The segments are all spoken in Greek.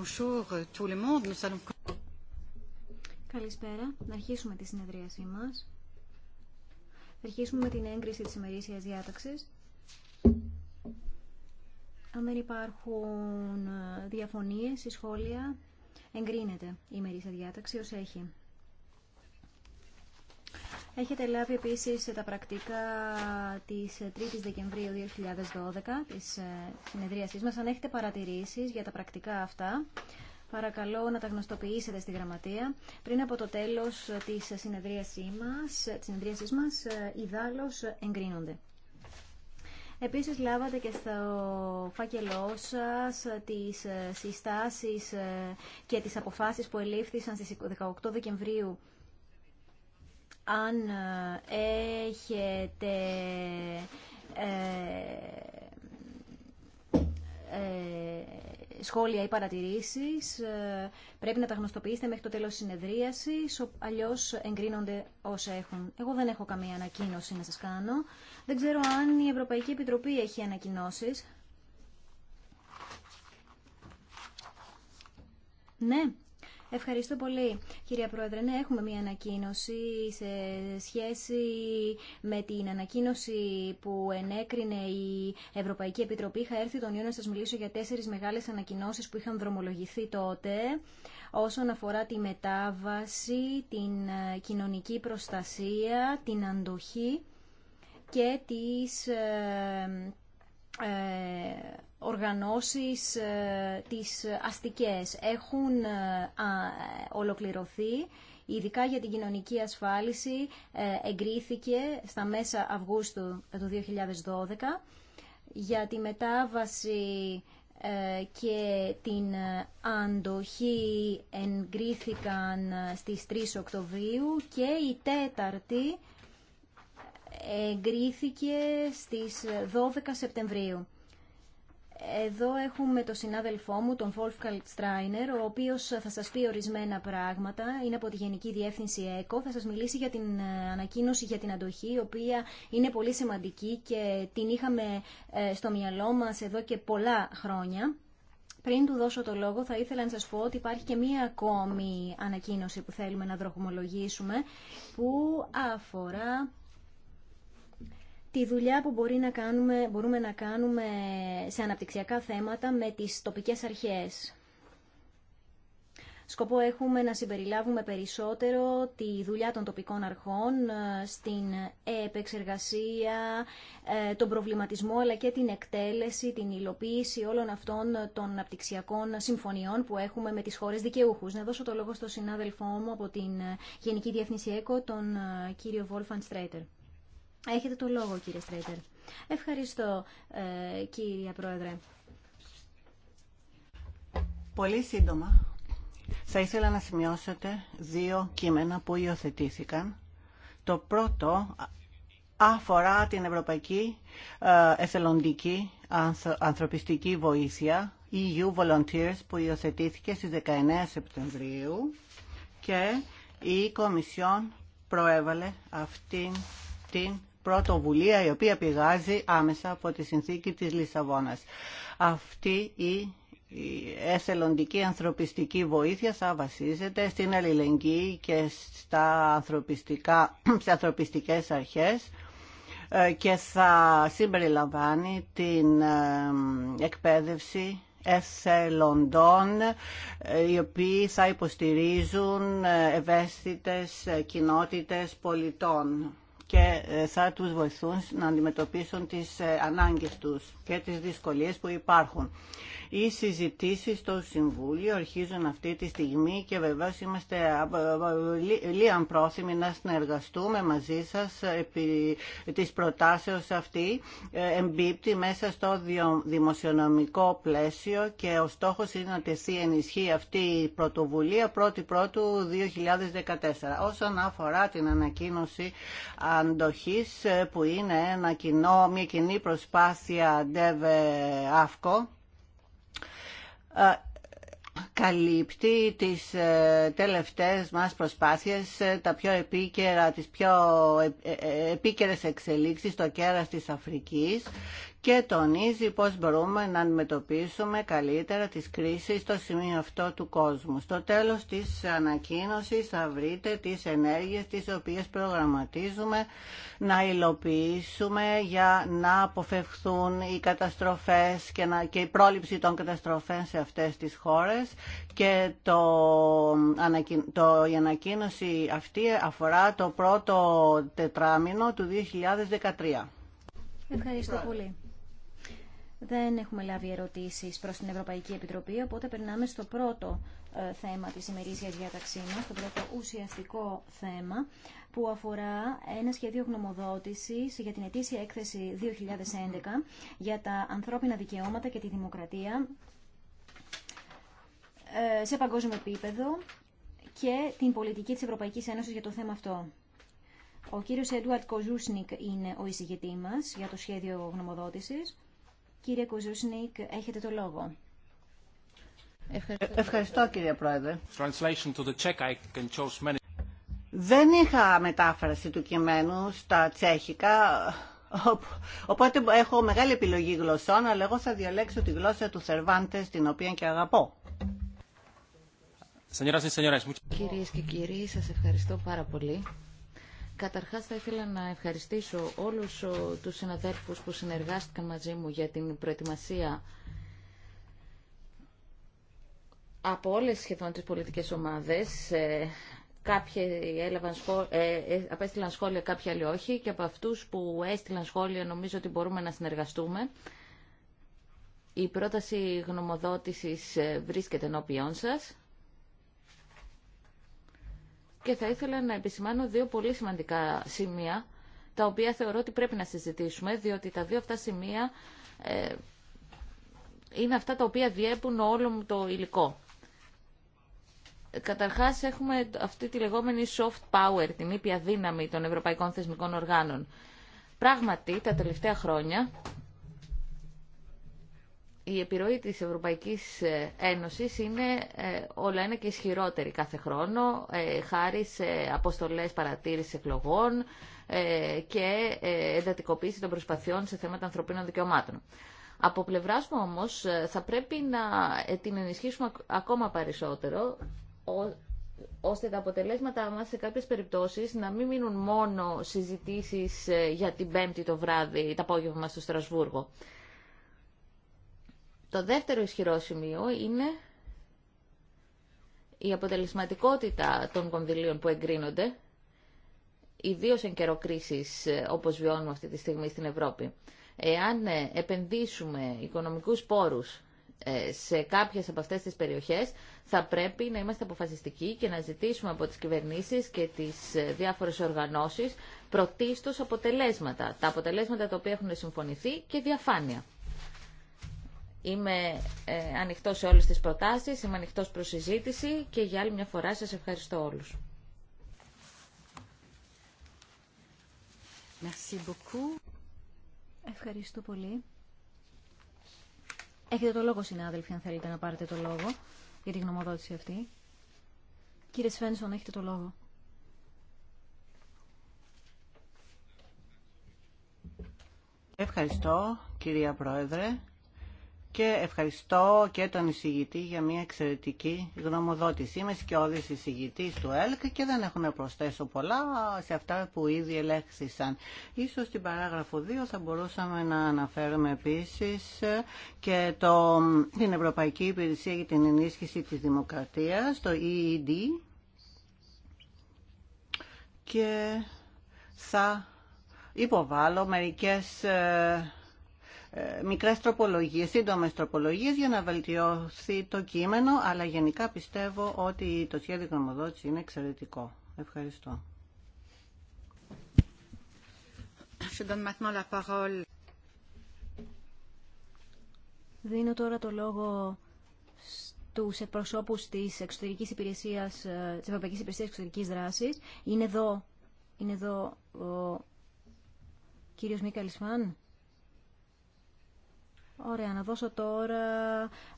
Euh, Καλησπέρα. Να αρχίσουμε τη συνεδρίασή μας. Θα αρχίσουμε με την έγκριση τη ημερήσιας διάταξης. Αν δεν υπάρχουν ε, διαφωνίες ή σχόλια, εγκρίνεται η ημερήσια διάταξη ω έχει. Έχετε λάβει επίσης τα πρακτικά της 3ης Δεκεμβρίου 2012 της ε, συνεδρίασής μας. Αν έχετε παρατηρήσεις για τα πρακτικά αυτά, παρακαλώ να τα γνωστοποιήσετε στη γραμματεία. Πριν από το τέλος της συνεδρίασής μας, της συνεδρίασής μας ε, εγκρίνονται. Επίσης λάβατε και στο φάκελό σας τις ε, συστάσεις και τις αποφάσεις που ελήφθησαν στις 18 Δεκεμβρίου αν ε, έχετε ε, ε, σχόλια ή παρατηρήσεις πρέπει να τα γνωστοποιήσετε μέχρι το τέλος της συνεδρίασης αλλιώς εγκρίνονται όσα έχουν. Εγώ δεν έχω καμία ανακοίνωση να σας κάνω. Δεν ξέρω αν η Ευρωπαϊκή Επιτροπή έχει ανακοινώσεις. Ναι, Ευχαριστώ πολύ, κυρία Πρόεδρε. Ναι, έχουμε μία ανακοίνωση σε σχέση με την ανακοίνωση που ενέκρινε η Ευρωπαϊκή Επιτροπή. Είχα έρθει τον Ιούνιο να σας μιλήσω για τέσσερις μεγάλες ανακοινώσεις που είχαν δρομολογηθεί τότε όσον αφορά τη μετάβαση, την ε, κοινωνική προστασία, την αντοχή και τις ε, ε, οργανώσεις ε, τις αστικές έχουν ε, ολοκληρωθεί ειδικά για την κοινωνική ασφάλιση εγκρίθηκε στα μέσα Αυγούστου του 2012 για τη μετάβαση και την αντοχή εγκρίθηκαν στις 3 Οκτωβρίου και η τέταρτη εγκρίθηκε στις 12 Σεπτεμβρίου. Εδώ έχουμε τον συνάδελφό μου, τον Wolfgang Στράινερ, ο οποίος θα σας πει ορισμένα πράγματα. Είναι από τη Γενική Διεύθυνση ΕΚΟ. Θα σας μιλήσει για την ε, ανακοίνωση για την αντοχή, η οποία είναι πολύ σημαντική και την είχαμε ε, στο μυαλό μας εδώ και πολλά χρόνια. Πριν του δώσω το λόγο, θα ήθελα να σας πω ότι υπάρχει και μία ακόμη ανακοίνωση που θέλουμε να δροχομολογήσουμε, που αφορά τη δουλειά που μπορεί να κάνουμε, μπορούμε να κάνουμε σε αναπτυξιακά θέματα με τις τοπικές αρχές. Σκοπό έχουμε να συμπεριλάβουμε περισσότερο τη δουλειά των τοπικών αρχών ε, στην επεξεργασία, ε, τον προβληματισμό αλλά και την εκτέλεση, την υλοποίηση όλων αυτών των αναπτυξιακών συμφωνιών που έχουμε με τις χώρες δικαιούχους. Να δώσω το λόγο στον συνάδελφό μου από την Γενική Διεύθυνση ΕΚΟ, τον ε, κύριο Βόλφαν Στρέιτερ. Έχετε το λόγο κύριε Στρέιτερ. Ευχαριστώ ε, κύριε Πρόεδρε. Πολύ σύντομα. Θα ήθελα να σημειώσετε δύο κείμενα που υιοθετήθηκαν. Το πρώτο αφορά την Ευρωπαϊκή ε, Εθελοντική Ανθρωπιστική Βοήθεια, EU Volunteers, που υιοθετήθηκε στις 19 Σεπτεμβρίου και η Κομισιόν προέβαλε αυτήν την πρωτοβουλία η οποία πηγάζει άμεσα από τη συνθήκη της Λισαβόνας. Αυτή η η εθελοντική ανθρωπιστική βοήθεια θα βασίζεται στην αλληλεγγύη και στα ανθρωπιστικά, σε ανθρωπιστικές αρχές ε, και θα συμπεριλαμβάνει την ε, εκπαίδευση εθελοντών ε, οι οποίοι θα υποστηρίζουν ευαίσθητες κοινότητες πολιτών και ε, θα τους βοηθούν να αντιμετωπίσουν τις ε, ανάγκες τους και τις δυσκολίες που υπάρχουν. Οι συζητήσεις στο Συμβούλιο αρχίζουν αυτή τη στιγμή και βεβαίως είμαστε λίγαν πρόθυμοι να συνεργαστούμε μαζί σας επί της προτάσεως αυτή ε, εμπίπτει μέσα στο δημοσιονομικό πλαίσιο και ο στόχος είναι να τεθεί ενισχύ αυτή η πρωτοβουλία 1η Πρώτου 2014. Όσον αφορά την ανακοίνωση αντοχής ε, που είναι ένα κοινό, μια κοινή προσπάθεια ΔΕΒΕ καλύπτει τις ε, τελευταίες μας προσπάθειες, ε, τα πιο επίκαιρα, τις πιο ε, επίκαιρες εξελίξεις στο κέρας της Αφρικής και τονίζει πώς μπορούμε να αντιμετωπίσουμε καλύτερα τις κρίσεις στο σημείο αυτό του κόσμου. Στο τέλος της ανακοίνωσης θα βρείτε τις ενέργειες τις οποίες προγραμματίζουμε να υλοποιήσουμε για να αποφευχθούν οι καταστροφές και, να, και η πρόληψη των καταστροφών σε αυτές τις χώρες και το, το, η ανακοίνωση αυτή αφορά το πρώτο τετράμινο του 2013. Ευχαριστώ πολύ. Δεν έχουμε λάβει ερωτήσεις προς την Ευρωπαϊκή Επιτροπή, οπότε περνάμε στο πρώτο ε, θέμα της ημερήσιας διάταξή μας, το πρώτο ουσιαστικό θέμα, που αφορά ένα σχέδιο γνωμοδότησης για την ετήσια έκθεση 2011 για τα ανθρώπινα δικαιώματα και τη δημοκρατία ε, σε παγκόσμιο επίπεδο και την πολιτική της Ευρωπαϊκής Ένωσης για το θέμα αυτό. Ο κύριος Έντουαρτ Κοζούσνικ είναι ο εισηγητή μας για το σχέδιο γνωμοδότησης. Κύριε Κουζουσνίκ, έχετε το λόγο. Ευχαριστώ, κύριε Πρόεδρε. Δεν είχα μετάφραση του κειμένου στα τσέχικα, οπότε έχω μεγάλη επιλογή γλωσσών, αλλά εγώ θα διαλέξω τη γλώσσα του Θερβάντες, την οποία και αγαπώ. Κυρίες και κύριοι, σας ευχαριστώ πάρα πολύ. Καταρχάς θα ήθελα να ευχαριστήσω όλους τους συναδέλφους που συνεργάστηκαν μαζί μου για την προετοιμασία από όλες σχεδόν τις πολιτικές ομάδες. Ε, κάποιοι έλαβαν σχόλια, ε, ε, απέστειλαν σχόλια, κάποιοι άλλοι όχι και από αυτούς που έστειλαν σχόλια νομίζω ότι μπορούμε να συνεργαστούμε. Η πρόταση γνωμοδότησης ε, βρίσκεται ενώπιόν σας και θα ήθελα να επισημάνω δύο πολύ σημαντικά σημεία, τα οποία θεωρώ ότι πρέπει να συζητήσουμε, διότι τα δύο αυτά σημεία ε, είναι αυτά τα οποία διέπουν όλο μου το υλικό. Καταρχάς έχουμε αυτή τη λεγόμενη soft power, την ήπια δύναμη των ευρωπαϊκών θεσμικών οργάνων. Πράγματι, τα τελευταία χρόνια η επιρροή της Ευρωπαϊκής ε, Ένωσης είναι ε, όλα ένα και ισχυρότερη κάθε χρόνο, ε, χάρη σε αποστολές παρατήρησης εκλογών και εντατικοποίηση των προσπαθειών σε θέματα ανθρωπίνων δικαιωμάτων. Από πλευράς μου όμως θα πρέπει να την ενισχύσουμε ακόμα περισσότερο, ώστε τα αποτελέσματα μας σε κάποιες περιπτώσεις να μην μείνουν μόνο συζητήσεις για την πέμπτη το βράδυ, το απόγευμα στο Στρασβούργο. Το δεύτερο ισχυρό σημείο είναι η αποτελεσματικότητα των κονδυλίων που εγκρίνονται, ιδίω εν καιρό κρίση ε, όπως βιώνουμε αυτή τη στιγμή στην Ευρώπη. Εάν ε, επενδύσουμε οικονομικούς πόρους ε, σε κάποιες από αυτές τις περιοχές θα πρέπει να είμαστε αποφασιστικοί και να ζητήσουμε από τις κυβερνήσεις και τις διάφορες οργανώσεις πρωτίστως αποτελέσματα, τα αποτελέσματα τα οποία έχουν συμφωνηθεί και διαφάνεια. Είμαι ε, ανοιχτός σε όλες τις προτάσεις, είμαι ανοιχτός προς συζήτηση και για άλλη μια φορά σας ευχαριστώ όλους. Merci beaucoup. Ευχαριστώ πολύ. Έχετε το λόγο, συνάδελφοι, αν θέλετε να πάρετε το λόγο για τη γνωμοδότηση αυτή. Κύριε Σφένσον, έχετε το λόγο. Ευχαριστώ, κυρία Πρόεδρε και ευχαριστώ και τον εισηγητή για μια εξαιρετική γνωμοδότηση. Είμαι σκιώδης εισηγητής του ΕΛΚ και δεν έχουμε να προσθέσω πολλά σε αυτά που ήδη ελέγχθησαν. Ίσως στην παράγραφο 2 θα μπορούσαμε να αναφέρουμε επίσης και το, την Ευρωπαϊκή Υπηρεσία για την Ενίσχυση της Δημοκρατίας, το EED. Και θα υποβάλω μερικές ε, ε, μικρές τροπολογίες, σύντομες τροπολογίες για να βελτιωθεί το κείμενο, αλλά γενικά πιστεύω ότι το σχέδιο γνωμοδότηση είναι εξαιρετικό. Ευχαριστώ. Δίνω τώρα το λόγο στους εκπροσώπους της Εξωτερικής Υπηρεσίας, ε, της Ευρωπαϊκής Υπηρεσίας Εξωτερικής Δράσης. Είναι εδώ, είναι εδώ ο κύριος Μίκαλης Φαν. Ωραία, να δώσω τώρα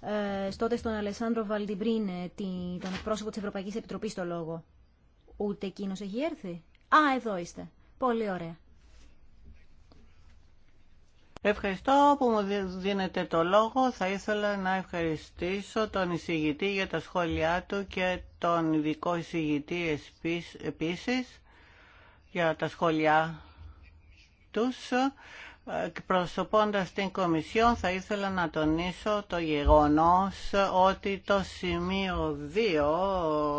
ε, τότε στον Αλεσάνδρο Βαλτιμπρίνε, τον εκπρόσωπο της Ευρωπαϊκής Επιτροπής, το λόγο. Ούτε εκείνο έχει έρθει. Α, εδώ είστε. Πολύ ωραία. Ευχαριστώ που μου δίνετε το λόγο. Θα ήθελα να ευχαριστήσω τον εισηγητή για τα σχόλιά του και τον ειδικό εισηγητή επίσης για τα σχόλιά τους. Εκπροσωπώντας την Κομισιόν θα ήθελα να τονίσω το γεγονός ότι το σημείο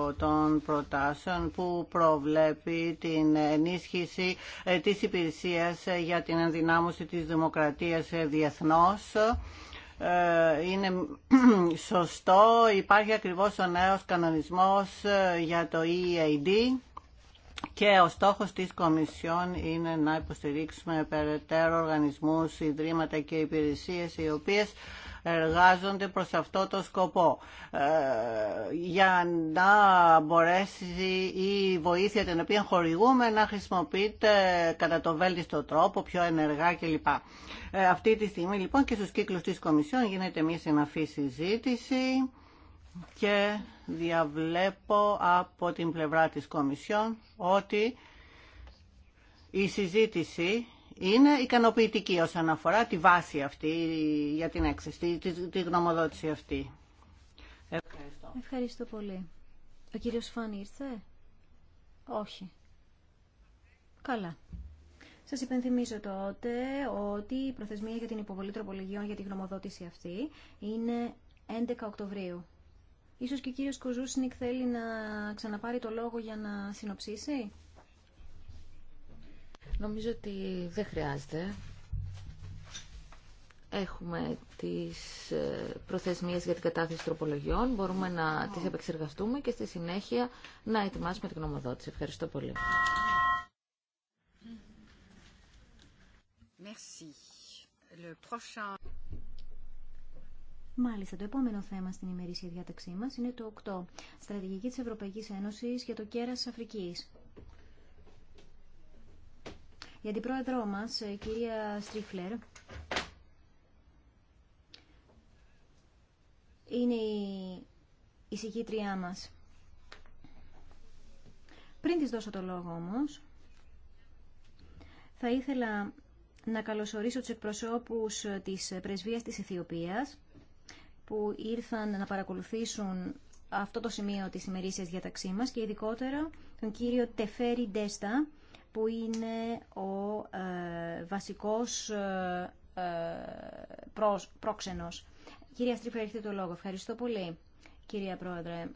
2 των προτάσεων που προβλέπει την ενίσχυση ε, της υπηρεσίας για την ενδυνάμωση της δημοκρατίας ε, διεθνώς ε, είναι σωστό. Υπάρχει ακριβώς ο νέος κανονισμός για το EAD και ο στόχος της Κομισιόν είναι να υποστηρίξουμε περαιτέρω οργανισμούς, ιδρύματα και υπηρεσίες οι οποίες εργάζονται προς αυτό το σκοπό ε, για να μπορέσει η βοήθεια την οποία χορηγούμε να χρησιμοποιείται κατά το βέλτιστο τρόπο, πιο ενεργά κλπ. Ε, αυτή τη στιγμή λοιπόν και στους κύκλους της Κομισιόν γίνεται μια συναφή συζήτηση και διαβλέπω από την πλευρά της Κομισιόν ότι η συζήτηση είναι ικανοποιητική όσον αφορά τη βάση αυτή για την έξεση, τη, γνωμοδότηση αυτή. Ευχαριστώ. Ευχαριστώ πολύ. Ο κύριος Φάνη ήρθε? Όχι. Καλά. Σας υπενθυμίζω τότε ότι η προθεσμία για την υποβολή τροπολογιών για τη γνωμοδότηση αυτή είναι 11 Οκτωβρίου. Ίσως και ο κύριος Κοζούσνικ θέλει να ξαναπάρει το λόγο για να συνοψίσει. Νομίζω ότι δεν χρειάζεται. Έχουμε τις ε, προθεσμίες για την κατάθεση τροπολογιών. Μπορούμε να τις επεξεργαστούμε και στη συνέχεια να ετοιμάσουμε την γνωμοδότηση. Ευχαριστώ πολύ. Merci. Le prochain... Μάλιστα, το επόμενο θέμα στην ημερήσια διάταξή μα είναι το 8. Στρατηγική τη Ευρωπαϊκή Ένωση για το κέρα τη Αφρική. Η αντιπρόεδρό μα, κυρία Στρίφλερ, είναι η εισηγήτριά μα. Πριν της δώσω το λόγο όμως, θα ήθελα να καλωσορίσω τους εκπροσώπους της πρεσβείας της Αιθιοπίας που ήρθαν να παρακολουθήσουν αυτό το σημείο της ημερήσιας διαταξή μας και ειδικότερα τον κύριο Τεφέρι Ντέστα που είναι ο ε, βασικός ε, ε, πρόξενος. Κυρία Στρίφα, έχετε το λόγο. Ευχαριστώ πολύ, κυρία Πρόεδρε.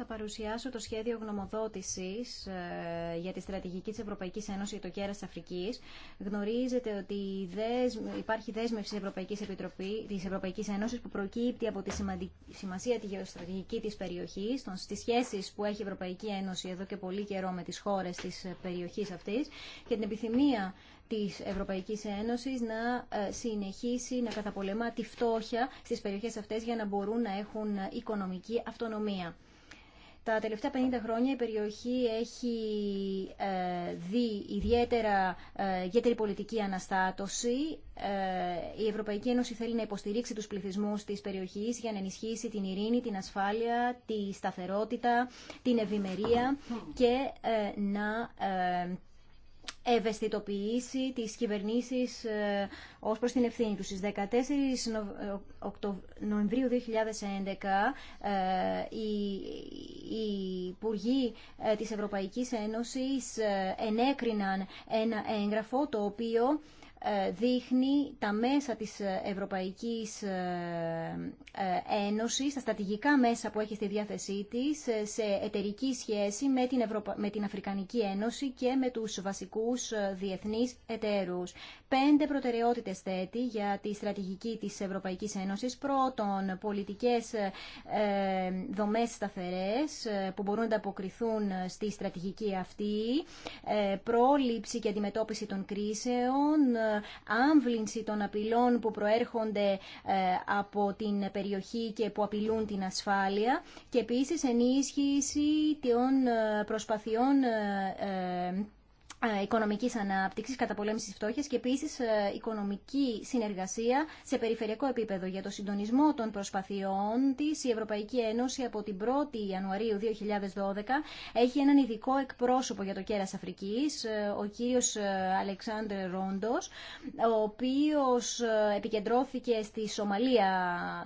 Θα παρουσιάσω το σχέδιο γνωμοδότησης ε, για τη στρατηγική της Ευρωπαϊκής Ένωσης για το κέρας Αφρικής. Γνωρίζετε ότι υπάρχει δέσμευση της Ευρωπαϊκής, Επιτροπή, της Ευρωπαϊκής Ένωσης που προκύπτει από τη σημασία τη γεωστρατηγική της περιοχής, των, στις σχέσεις που έχει η Ευρωπαϊκή Ένωση εδώ και πολύ καιρό με τις χώρες της ε, περιοχής αυτής και την επιθυμία της Ευρωπαϊκής Ένωσης να ε, συνεχίσει να καταπολεμά τη φτώχεια στις περιοχές αυτές για να μπορούν να έχουν οικονομική αυτονομία. Τα τελευταία 50 χρόνια η περιοχή έχει ε, δει ιδιαίτερα, ε, ιδιαίτερη πολιτική αναστάτωση. Ε, η Ευρωπαϊκή Ένωση θέλει να υποστηρίξει τους πληθυσμούς της περιοχής για να ενισχύσει την ειρήνη, την ασφάλεια, τη σταθερότητα, την ευημερία και να ευαισθητοποιήσει τις κυβερνήσεις ε, ως προς την ευθύνη τους. Στις 14 ε, Νοεμβρίου 2011 ε, οι Υπουργοί της Ευρωπαϊκής Ένωσης ενέκριναν ένα έγγραφο το οποίο ε, δείχνει τα μέσα της ε, Ευρωπαϊκής ε, Ένωσης, τα στρατηγικά μέσα που έχει στη διάθεσή της σε εταιρική σχέση με την, Αφρικανική Ένωση και με τους βασικούς διεθνείς εταίρους. Πέντε προτεραιότητες θέτει για τη στρατηγική της Ευρωπαϊκής Ένωσης. Πρώτον, πολιτικές δομές σταθερές που μπορούν να αποκριθούν στη στρατηγική αυτή, πρόληψη και αντιμετώπιση των κρίσεων, άμβλυνση των απειλών που προέρχονται ε, από την περιοχή και που απειλούν την ασφάλεια και επίσης ενίσχυση των ε, προσπαθειών ε, ε, οικονομικής ανάπτυξης, καταπολέμησης της φτώχειας και επίσης ε, οικονομική συνεργασία σε περιφερειακό επίπεδο. Για το συντονισμό των προσπαθειών της, η Ευρωπαϊκή Ένωση από την 1η Ιανουαρίου 2012 έχει έναν ειδικό εκπρόσωπο για το κέρας Αφρικής, ε, ο κύριος Αλεξάνδρε Ρόντος, ο οποίος επικεντρώθηκε στη Σομαλία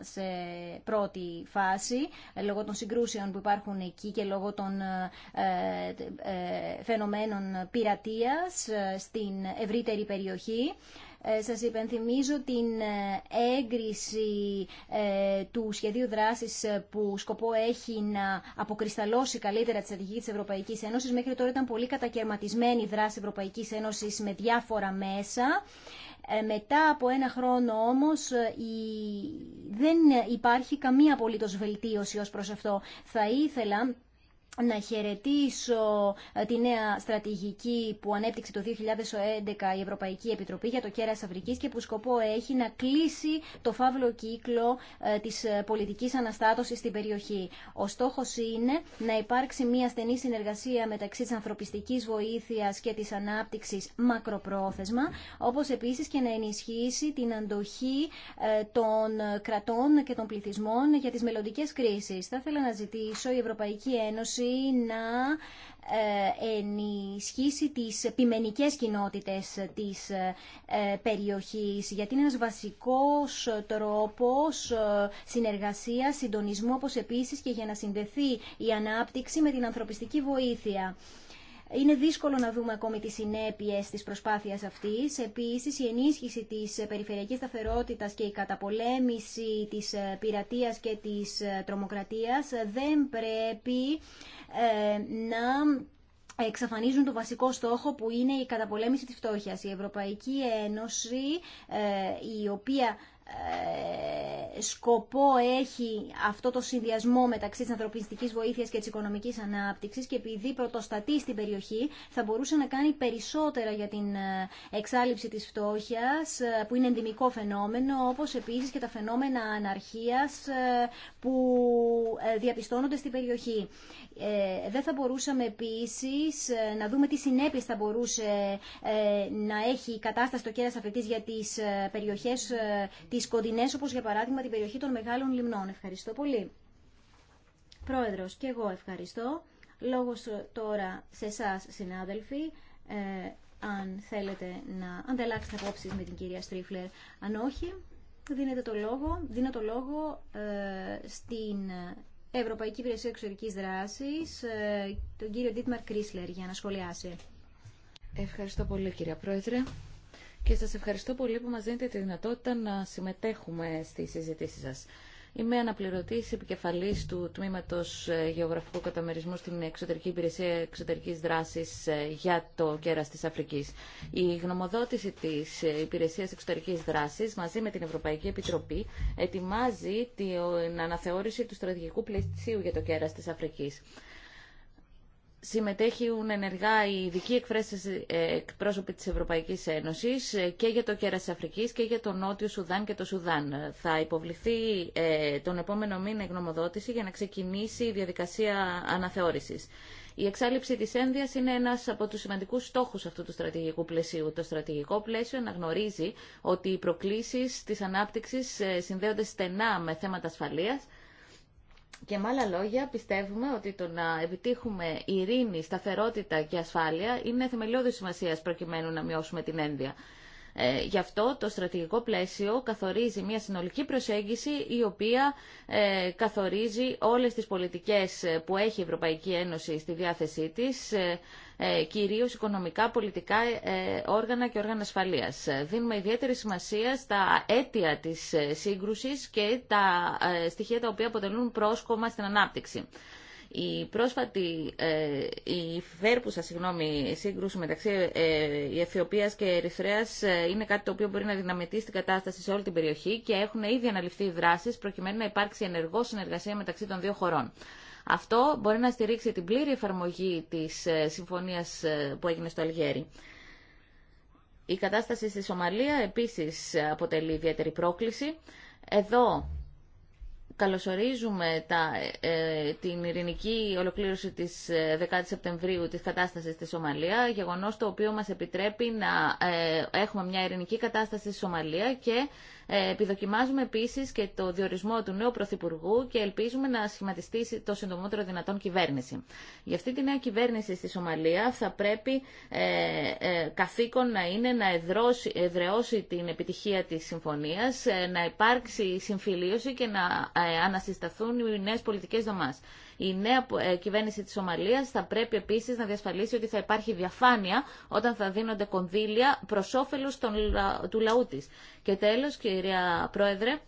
σε πρώτη φάση, λόγω των συγκρούσεων που υπάρχουν εκεί και λόγω των φαινομένων πειρατών ε, στην ευρύτερη περιοχή. Ε, σας υπενθυμίζω την ε, έγκριση του σχεδίου δράσης που σκοπό έχει να αποκρισταλώσει καλύτερα τη στρατηγική της Ευρωπαϊκής Ένωσης. Μέχρι τώρα ήταν πολύ κατακαιρματισμένη η δράση Ευρωπαϊκής Ένωσης με διάφορα μέσα. Μετά από ένα χρόνο όμως δεν υπάρχει καμία απολύτως βελτίωση ως προς αυτό. Θα ήθελα να χαιρετήσω ε, τη νέα στρατηγική που ανέπτυξε το 2011 η Ευρωπαϊκή Επιτροπή για το κέρας Αφρικής και που σκοπό έχει να κλείσει το φαύλο κύκλο ε, της ε, πολιτικής αναστάτωσης στην περιοχή. Ο στόχος είναι να υπάρξει μια στενή συνεργασία μεταξύ της ανθρωπιστικής βοήθειας και της ανάπτυξης μακροπρόθεσμα, όπως επίσης και να ενισχύσει την αντοχή των κρατών και των πληθυσμών για τις μελλοντικέ κρίσεις. Θα ήθελα να ζητήσω η Ευρωπαϊκή Ένωση να ε, ενισχύσει τις επιμενικές κοινότητες της ε, περιοχής γιατί είναι ένας βασικός τρόπος ε, συνεργασίας, συντονισμού όπως επίσης και για να συνδεθεί η ανάπτυξη με την ανθρωπιστική βοήθεια. Είναι δύσκολο να δούμε ακόμη τι συνέπειε τη προσπάθεια αυτή. Επίσης, η ενίσχυση της περιφερειακής σταθερότητα και η καταπολέμηση της ε, πειρατεία και της ε, τρομοκρατίας ε, δεν πρέπει να εξαφανίζουν το βασικό στόχο που είναι η καταπολέμηση της φτώχειας. Η Ευρωπαϊκή Ένωση, η οποία ε, σκοπό έχει αυτό το συνδυασμό μεταξύ της ανθρωπιστικής βοήθειας και της οικονομικής ανάπτυξης και επειδή πρωτοστατεί στην περιοχή θα μπορούσε να κάνει περισσότερα για την ε, εξάλληψη της φτώχειας ε, που είναι ενδυμικό φαινόμενο όπως επίσης και τα φαινόμενα αναρχίας που διαπιστώνονται στην περιοχή. Δεν θα μπορούσαμε επίσης να δούμε τι συνέπειες θα μπορούσε να έχει η κατάσταση το κέρας αφαιτής για τις περιοχές της τις κοντινές όπως για παράδειγμα την περιοχή των Μεγάλων Λιμνών. Ευχαριστώ πολύ. Πρόεδρος, και εγώ ευχαριστώ. Λόγος τώρα σε εσά συνάδελφοι, ε, αν θέλετε να ανταλλάξετε απόψεις με την κυρία Στρίφλερ. Αν όχι, δίνετε το λόγο, δίνω το λόγο ε, στην Ευρωπαϊκή Υπηρεσία Εξωτερική Δράση ε, τον κύριο Ντίτμαρ Κρίσλερ, για να σχολιάσει. Ευχαριστώ πολύ κυρία Πρόεδρε και σας ευχαριστώ πολύ που μας δίνετε τη δυνατότητα να συμμετέχουμε στη συζήτηση σας. Είμαι αναπληρωτή επικεφαλή του τμήματο ε, Γεωγραφικού Καταμερισμού στην Εξωτερική Υπηρεσία Εξωτερική Δράση ε, για το κέρα τη Αφρική. Η γνωμοδότηση τη ε, Υπηρεσία Εξωτερική Δράση μαζί με την Ευρωπαϊκή Επιτροπή ετοιμάζει την αναθεώρηση του στρατηγικού πλαισίου για το κέρα τη Αφρική συμμετέχουν ενεργά οι ειδικοί εκφρέσεις ε, εκπρόσωποι της Ευρωπαϊκής Ένωσης ε, και για το κέρας Αφρικής και για το Νότιο Σουδάν και το Σουδάν. Θα υποβληθεί ε, τον επόμενο μήνα η γνωμοδότηση για να ξεκινήσει η διαδικασία αναθεώρησης. Η εξάλληψη της ένδειας είναι ένας από τους σημαντικούς στόχους αυτού του στρατηγικού πλαισίου. Το στρατηγικό πλαίσιο αναγνωρίζει ότι οι προκλήσεις της ανάπτυξης συνδέονται στενά με θέματα ασφαλείας, και με άλλα λόγια πιστεύουμε ότι το να επιτύχουμε ειρήνη, σταθερότητα και ασφάλεια είναι θεμελιώδη σημασία προκειμένου να μειώσουμε την ένδυα. Ε, γι' αυτό το στρατηγικό πλαίσιο καθορίζει μια συνολική προσέγγιση η οποία ε, καθορίζει όλες τις πολιτικές που έχει η Ευρωπαϊκή Ένωση στη διάθεσή της, ε, κυρίως οικονομικά, πολιτικά όργανα και όργανα ασφαλείας. Δίνουμε ιδιαίτερη σημασία στα αίτια της σύγκρουσης και τα στοιχεία τα οποία αποτελούν πρόσκομα στην ανάπτυξη. Η πρόσφατη, ε, η φέρπουσα συγγνώμη, σύγκρουση μεταξύ ε, Αιθιοπίας και Ερυθρέας ε, είναι κάτι το οποίο μπορεί να δυναμητήσει την κατάσταση σε όλη την περιοχή και έχουν ήδη αναλυφθεί οι δράσεις προκειμένου να υπάρξει ενεργό συνεργασία μεταξύ των δύο χωρών. Αυτό μπορεί να στηρίξει την πλήρη εφαρμογή της ε, συμφωνίας που έγινε στο Αλγέρι. Η κατάσταση στη Σομαλία επίσης αποτελεί ιδιαίτερη πρόκληση. Εδώ καλωσορίζουμε τα, ε, ε, την ειρηνική ολοκλήρωση της 10 ε, Σεπτεμβρίου της κατάστασης στη Σομαλία, γεγονός το οποίο μας επιτρέπει να έχουμε μια ειρηνική κατάσταση στη Σομαλία και ε, επιδοκιμάζουμε επίση και το διορισμό του νέου Πρωθυπουργού και ελπίζουμε να σχηματιστεί το συντομότερο δυνατόν κυβέρνηση. Για αυτή τη νέα κυβέρνηση στη Σομαλία θα πρέπει ε, ε, καθήκον να είναι να εδρώσει, την επιτυχία της συμφωνίας, να υπάρξει συμφιλίωση και να ανασυσταθούν οι νέε πολιτικέ δομάς. Η νέα ε, κυβέρνηση της Ομαλία θα πρέπει επίσης να διασφαλίσει ότι θα υπάρχει διαφάνεια όταν θα δίνονται κονδύλια προς όφελος του λαού της. Και τέλος, κυρία Πρόεδρε,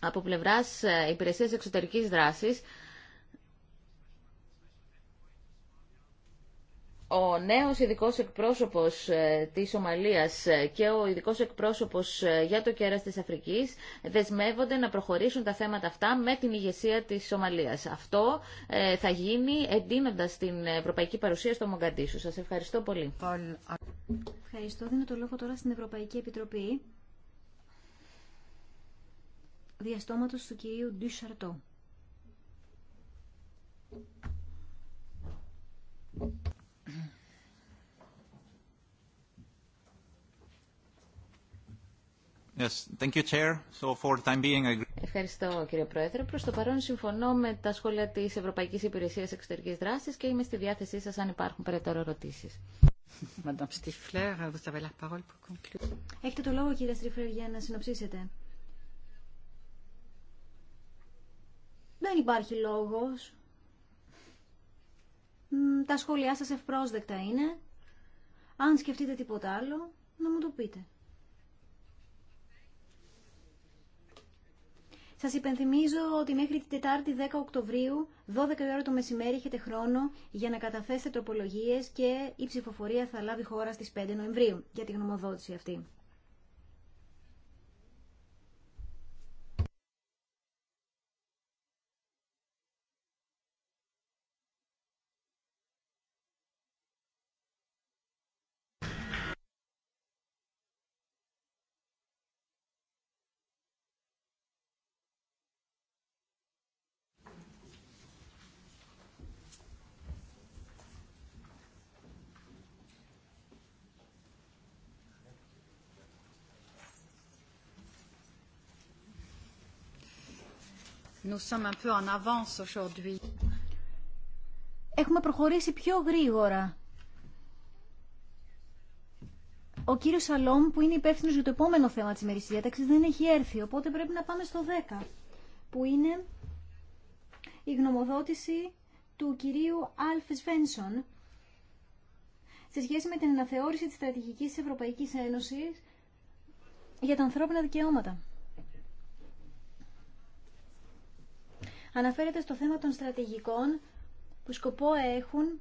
από πλευράς ε, Υπηρεσίας Εξωτερικής Δράσης, ο νέος ειδικό εκπρόσωπος ε, της Ομαλίας ε, και ο ειδικό εκπρόσωπος ε, για το κέρας της Αφρικής δεσμεύονται να προχωρήσουν τα θέματα αυτά με την ηγεσία της Ομαλίας. Αυτό θα γίνει εντείνοντας την ευρωπαϊκή παρουσία στο Μογκαντήσου. Σας ευχαριστώ πολύ. Ευχαριστώ. Δίνω το λόγο τώρα στην Ευρωπαϊκή Επιτροπή διαστόματος του κυρίου Ντουσαρτό. Ευχαριστώ κύριε Πρόεδρε. Προς το παρόν συμφωνώ με τα σχόλια της Ευρωπαϊκής Υπηρεσίας Εξωτερικής Δράσης και είμαι στη διάθεσή σας αν υπάρχουν περαιτέρω ερωτήσεις. Έχετε το λόγο κύριε Στρίφλερ για να συνοψίσετε. Δεν υπάρχει λόγος. Τα σχόλιά σας ευπρόσδεκτα είναι. Αν σκεφτείτε τίποτα άλλο, να μου το πείτε. Σα υπενθυμίζω ότι μέχρι την Τετάρτη 10 Οκτωβρίου, 12 ώρα το μεσημέρι, έχετε χρόνο για να καταθέσετε τροπολογίε και η ψηφοφορία θα λάβει χώρα στις 5 Νοεμβρίου για τη γνωμοδότηση αυτή. Έχουμε προχωρήσει πιο γρήγορα. Ο κύριος Σαλόμ, που είναι υπεύθυνο για το επόμενο θέμα της ημερής διάταξης, δεν έχει έρθει, οπότε πρέπει να πάμε στο 10, που είναι η γνωμοδότηση του κυρίου Αλφ Βένσον σε σχέση με την αναθεώρηση της στρατηγικής της Ευρωπαϊκής Ένωσης για τα ανθρώπινα δικαιώματα. αναφέρεται στο θέμα των στρατηγικών που σκοπό έχουν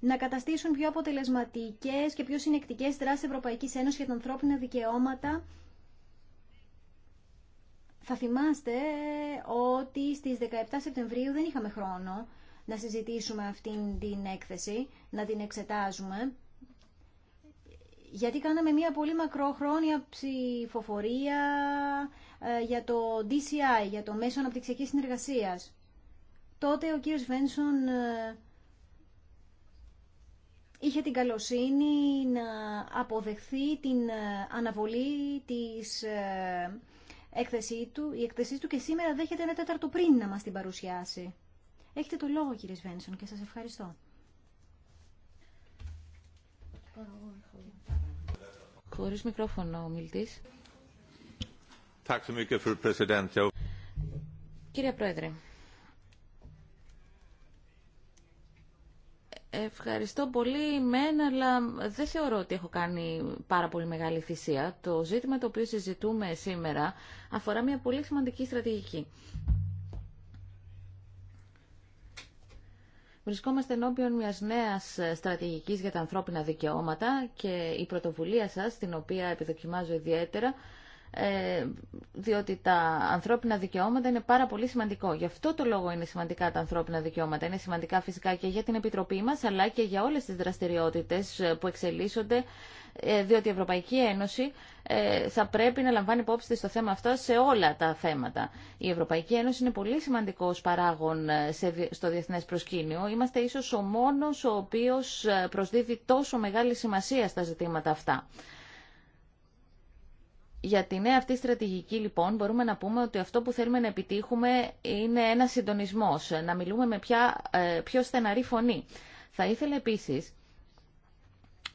να καταστήσουν πιο αποτελεσματικές και πιο συνεκτικές δράσεις Ευρωπαϊκής Ένωσης για τα ανθρώπινα δικαιώματα. Θα θυμάστε ότι στις 17 Σεπτεμβρίου δεν είχαμε χρόνο να συζητήσουμε αυτήν την έκθεση, να την εξετάζουμε γιατί κάναμε μια πολύ μακρόχρόνια ψηφοφορία ε, για το DCI, για το Μέσο Αναπτυξιακή συνεργασία. Τότε ο κύριος Βένσον ε, είχε την καλοσύνη να αποδεχθεί την ε, αναβολή της έκθεσή του, η έκθεσή του και σήμερα δέχεται ένα τέταρτο πριν να μας την παρουσιάσει. Έχετε το λόγο κύριε Βένσον και σας ευχαριστώ. Χωρίς μικρόφωνο Κύριε Πρόεδρε, ευχαριστώ πολύ εμένα, αλλά δεν θεωρώ ότι έχω κάνει πάρα πολύ μεγάλη θυσία. Το ζήτημα το οποίο συζητούμε σήμερα αφορά μια πολύ σημαντική στρατηγική. Βρισκόμαστε ενώπιον μια νέα στρατηγική για τα ανθρώπινα δικαιώματα και η πρωτοβουλία σα, την οποία επιδοκιμάζω ιδιαίτερα, ε, διότι τα ανθρώπινα δικαιώματα είναι πάρα πολύ σημαντικό. Γι' αυτό το λόγο είναι σημαντικά τα ανθρώπινα δικαιώματα. Είναι σημαντικά φυσικά και για την Επιτροπή μας, αλλά και για όλες τις δραστηριότητες ε, που εξελίσσονται, ε, διότι η Ευρωπαϊκή Ένωση θα πρέπει να λαμβάνει υπόψη στο θέμα αυτό σε όλα τα θέματα. Η Ευρωπαϊκή Ένωση είναι πολύ σημαντικός παράγων στο διεθνές προσκήνιο. Είμαστε ίσως ο μόνος ο οποίος προσδίδει τόσο μεγάλη σημασία στα ζητήματα αυτά. Για τη νέα αυτή στρατηγική λοιπόν μπορούμε να πούμε ότι αυτό που θέλουμε να επιτύχουμε είναι ένα συντονισμό. να μιλούμε με ε, πιο στεναρή φωνή. Θα ήθελα επίσης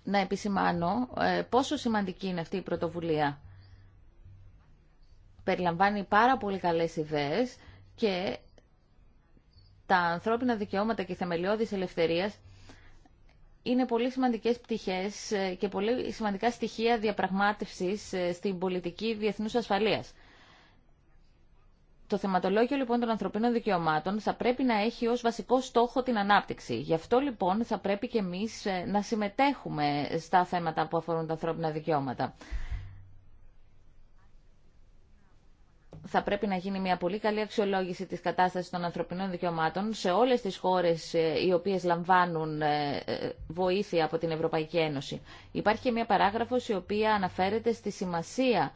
να επισημάνω ε, πόσο σημαντική είναι αυτή η πρωτοβουλία. Περιλαμβάνει πάρα πολύ καλές ιδέες και τα ανθρώπινα δικαιώματα και θεμελιώδης ελευθερία είναι πολύ σημαντικές πτυχές ε, και πολύ σημαντικά στοιχεία διαπραγμάτευσης ε, στην πολιτική διεθνούς ασφαλείας. Το θεματολόγιο λοιπόν των ανθρωπίνων δικαιωμάτων θα πρέπει να έχει ως βασικό στόχο την ανάπτυξη. Γι' αυτό λοιπόν θα πρέπει και εμείς ε, να συμμετέχουμε στα θέματα που αφορούν τα ανθρώπινα δικαιώματα. θα πρέπει να γίνει μια πολύ καλή αξιολόγηση της κατάστασης των ανθρωπινών δικαιωμάτων σε όλες τις χώρες ε, οι οποίες λαμβάνουν ε, ε, βοήθεια από την Ευρωπαϊκή Ένωση. Υπάρχει και μια παράγραφος η οποία αναφέρεται στη σημασία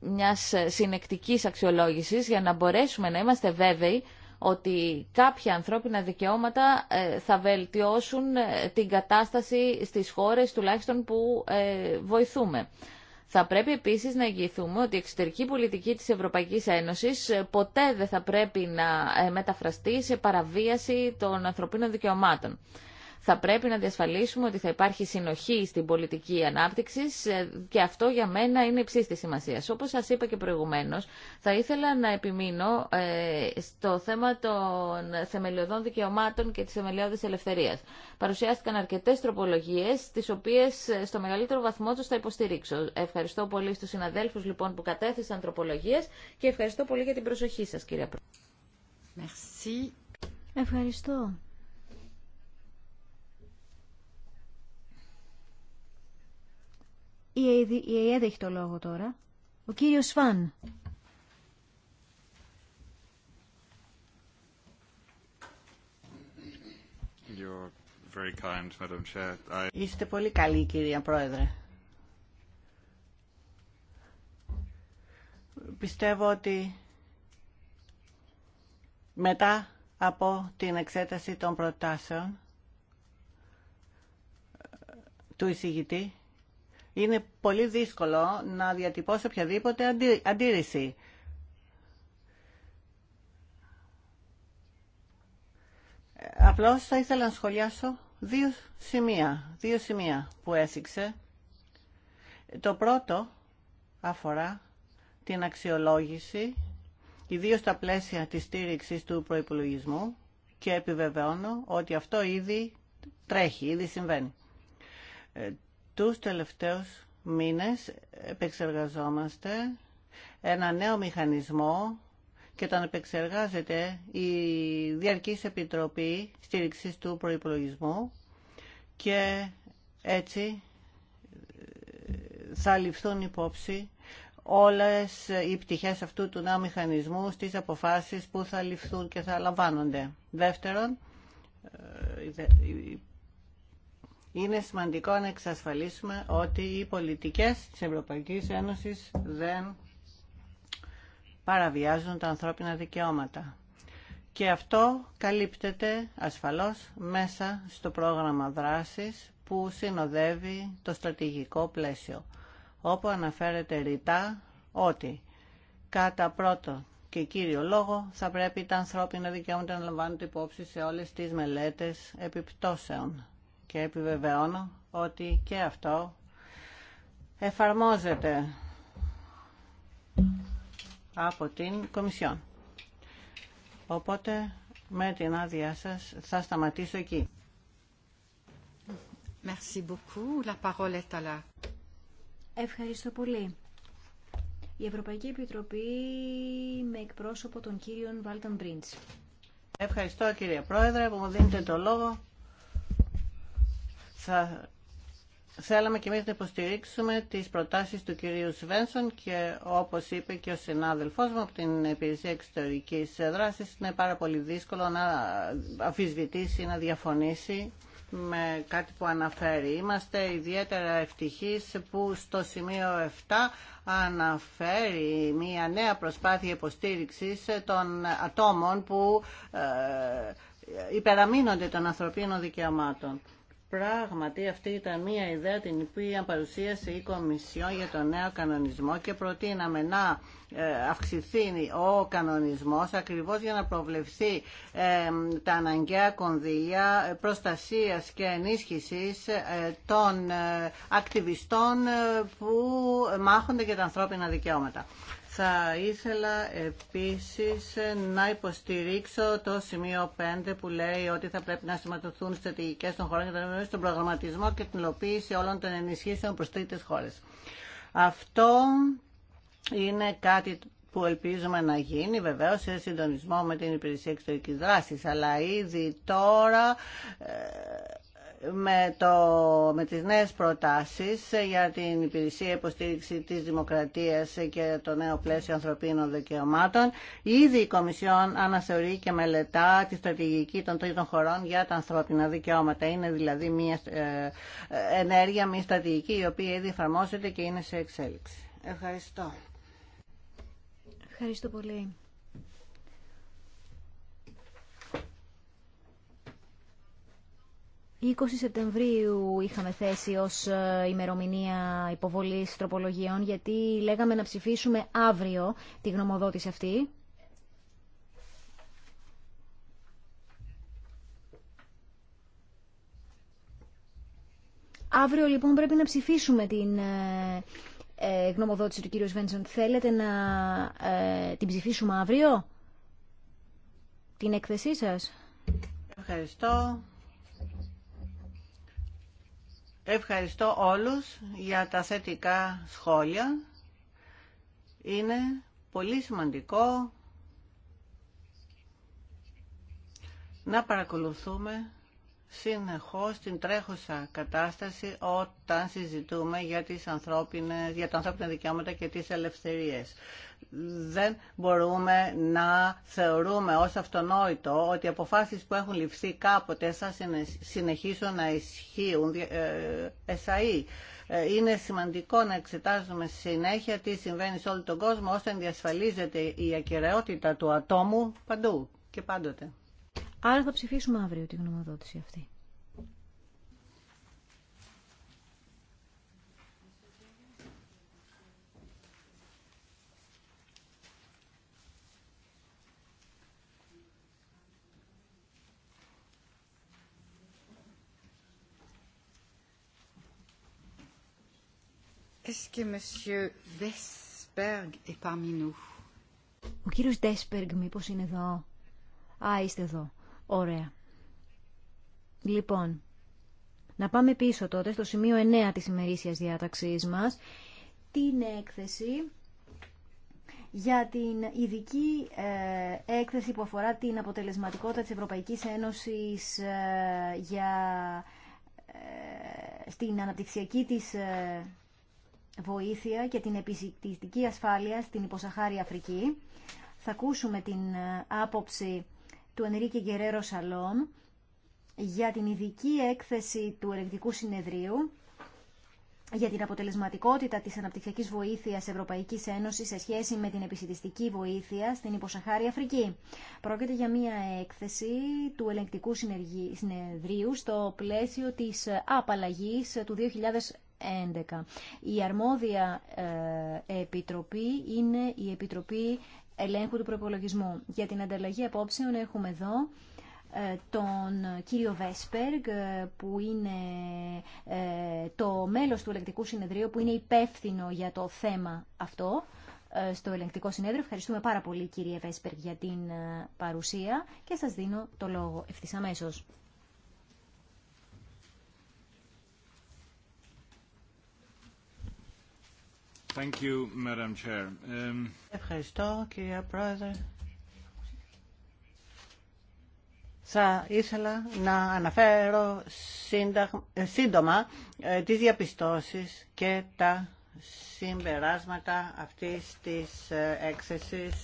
μιας συνεκτικής αξιολόγησης για να μπορέσουμε να είμαστε βέβαιοι ότι κάποια ανθρώπινα δικαιώματα θα βελτιώσουν την κατάσταση στις χώρες τουλάχιστον που βοηθούμε. Θα πρέπει επίσης να εγγυηθούμε ότι η εξωτερική πολιτική της Ευρωπαϊκής Ένωσης ε, ποτέ δεν θα πρέπει να ε, μεταφραστεί σε παραβίαση των ανθρωπίνων δικαιωμάτων θα πρέπει να διασφαλίσουμε ότι θα υπάρχει συνοχή στην πολιτική ανάπτυξη ε, και αυτό για μένα είναι υψή τη σημασία. Όπω σα είπα και προηγουμένω, θα ήθελα να επιμείνω ε, στο θέμα των θεμελιωδών δικαιωμάτων και τη θεμελιώδη ελευθερία. Παρουσιάστηκαν αρκετέ τροπολογίε, τι οποίε ε, στο μεγαλύτερο βαθμό του θα υποστηρίξω. Ευχαριστώ πολύ στου συναδέλφου λοιπόν που κατέθεσαν τροπολογίε και ευχαριστώ πολύ για την προσοχή σα, κυρία Πρόεδρε. Ευχαριστώ. Η ΕΕΔ έχει το λόγο τώρα. Ο κύριος Φαν. Είστε πολύ καλή, κυρία Πρόεδρε. Πιστεύω ότι μετά από την εξέταση των προτάσεων του εισηγητή είναι πολύ δύσκολο να διατυπώσω οποιαδήποτε αντίρρηση. Απλώς θα ήθελα να σχολιάσω δύο σημεία, δύο σημεία που έθιξε. Το πρώτο αφορά την αξιολόγηση, ιδίω στα πλαίσια της στήριξη του προϋπολογισμού και επιβεβαιώνω ότι αυτό ήδη τρέχει, ήδη συμβαίνει. Ε, τους τελευταίους μήνες επεξεργαζόμαστε ένα νέο μηχανισμό και τον επεξεργάζεται η Διαρκής Επιτροπή Στήριξης του Προϋπολογισμού και έτσι ε, θα ληφθούν υπόψη όλες οι πτυχές αυτού του νέου μηχανισμού στις αποφάσεις που θα ληφθούν και θα λαμβάνονται. Δεύτερον, ε, είναι σημαντικό να εξασφαλίσουμε ότι οι πολιτικές της Ευρωπαϊκής Ένωσης δεν παραβιάζουν τα ανθρώπινα δικαιώματα. Και αυτό καλύπτεται ασφαλώς μέσα στο πρόγραμμα δράσης που συνοδεύει το στρατηγικό πλαίσιο, όπου αναφέρεται ρητά ότι κατά πρώτο και κύριο λόγο θα πρέπει τα ανθρώπινα δικαιώματα να λαμβάνονται υπόψη σε όλες τις μελέτες επιπτώσεων και επιβεβαιώνω ότι και αυτό εφαρμόζεται από την Κομισιόν. Οπότε με την άδειά σας θα σταματήσω εκεί. Ευχαριστώ πολύ. Η Ευρωπαϊκή Επιτροπή με εκπρόσωπο τον κύριων Βάλτον Μπριντς. Ευχαριστώ κύριε Πρόεδρε που μου δίνετε το λόγο θα θέλαμε και εμείς να υποστηρίξουμε τις προτάσεις του κυρίου Σβένσον και όπως είπε και ο συνάδελφός μου από την Υπηρεσία Εξωτερικής Δράσης είναι πάρα πολύ δύσκολο να αφισβητήσει ή να διαφωνήσει με κάτι που αναφέρει. Είμαστε ιδιαίτερα ευτυχείς που στο σημείο 7 αναφέρει μια νέα προσπάθεια υποστήριξης των ατόμων που ε, υπεραμείνονται των ανθρωπίνων δικαιωμάτων. Πράγματι, αυτή ήταν μία ιδέα την οποία παρουσίασε η Κομισιόν για τον νέο κανονισμό και προτείναμε να ε, αυξηθεί ο κανονισμός ακριβώς για να προβλεφθεί ε, τα αναγκαία κονδύλια προστασίας και ενίσχυσης ε, των ακτιβιστών που μάχονται για τα ανθρώπινα δικαιώματα. Θα ήθελα επίσης να υποστηρίξω το σημείο 5 που λέει ότι θα πρέπει να σηματοθούν στρατηγικές των χωρών και τον ευνοήσει στον προγραμματισμό και την υλοποίηση όλων των ενισχύσεων προς τρίτες χώρες. Αυτό είναι κάτι που ελπίζουμε να γίνει βεβαίω σε συντονισμό με την Υπηρεσία Εξωτερικής Δράσης αλλά ήδη τώρα ε, με, το, με τις νέες προτάσεις για την υπηρεσία υποστήριξη της δημοκρατίας και το νέο πλαίσιο ανθρωπίνων δικαιωμάτων. Ήδη η Κομισιόν αναθεωρεί και μελετά τη στρατηγική των τρίτων χωρών για τα ανθρώπινα δικαιώματα. Είναι δηλαδή μια ε, ενέργεια, μια στρατηγική η οποία ήδη εφαρμόζεται και είναι σε εξέλιξη. Ευχαριστώ. Ευχαριστώ πολύ. 20 Σεπτεμβρίου είχαμε θέση ως ε, ημερομηνία υποβολής τροπολογιών γιατί λέγαμε να ψηφίσουμε αύριο τη γνωμοδότηση αυτή. Αύριο λοιπόν πρέπει να ψηφίσουμε την ε, ε, γνωμοδότηση του κύριου Σβέντσον. Θέλετε να την ψηφίσουμε αύριο, την έκθεσή σας. Ευχαριστώ. Ευχαριστώ όλους για τα θετικά σχόλια. Είναι πολύ σημαντικό να παρακολουθούμε συνεχώς την τρέχουσα κατάσταση όταν συζητούμε για, τις ανθρώπινες, για τα ανθρώπινα δικαιώματα και τις ελευθερίες. Δεν μπορούμε να θεωρούμε ως αυτονόητο ότι οι αποφάσεις που έχουν ληφθεί κάποτε θα συνεχίσουν να ισχύουν ε, εσαΐ. Ε, είναι σημαντικό να εξετάζουμε συνέχεια τι συμβαίνει σε όλο τον κόσμο ώστε να διασφαλίζεται η ακαιρεότητα του ατόμου παντού και πάντοτε. Άρα θα ψηφίσουμε αύριο τη γνωμοδότηση αυτή. Ο κύριος Ντέσπεργ μήπως είναι εδώ. Α, είστε εδώ. Ωραία. Λοιπόν, να πάμε πίσω τότε στο σημείο 9 της ημερήσιας διάταξής μας, την έκθεση για την ειδική ε, έκθεση που αφορά την αποτελεσματικότητα της Ευρωπαϊκής Ένωσης ε, για ε, στην αναπτυξιακή της βοήθεια και την επισητιστική ασφάλεια στην υποσαχάρη Αφρική. Θα ακούσουμε την άποψη του Ενρίκη Γκερέρο Σαλόμ για την ειδική έκθεση του ελεγκτικού συνεδρίου για την αποτελεσματικότητα της αναπτυξιακής βοήθειας Ευρωπαϊκής Ένωσης σε σχέση με την επισητιστική βοήθεια στην Υποσαχάρη Αφρική. Πρόκειται για μια έκθεση του ελεγκτικού συνεδρίου στο πλαίσιο της απαλλαγής του 2011. Η αρμόδια ε, επιτροπή είναι η Επιτροπή ελέγχου του προπολογισμού. Για την ανταλλαγή απόψεων έχουμε εδώ ε, τον κύριο Βέσπεργ ε, που είναι ε, το μέλος του ελεγκτικού συνεδρίου που είναι υπεύθυνο για το θέμα αυτό στο ελεγκτικό συνέδριο. Ευχαριστούμε πάρα πολύ κύριε Βέσπεργ για την παρουσία και σας δίνω το λόγο ευθύς αμέσως. Thank um, Ευχαριστώ, κυρία Πρόεδρε. Θα ήθελα να αναφέρω ε, σύντομα ε, τις διαπιστώσεις και τα συμπεράσματα αυτής της ε, έκθεσης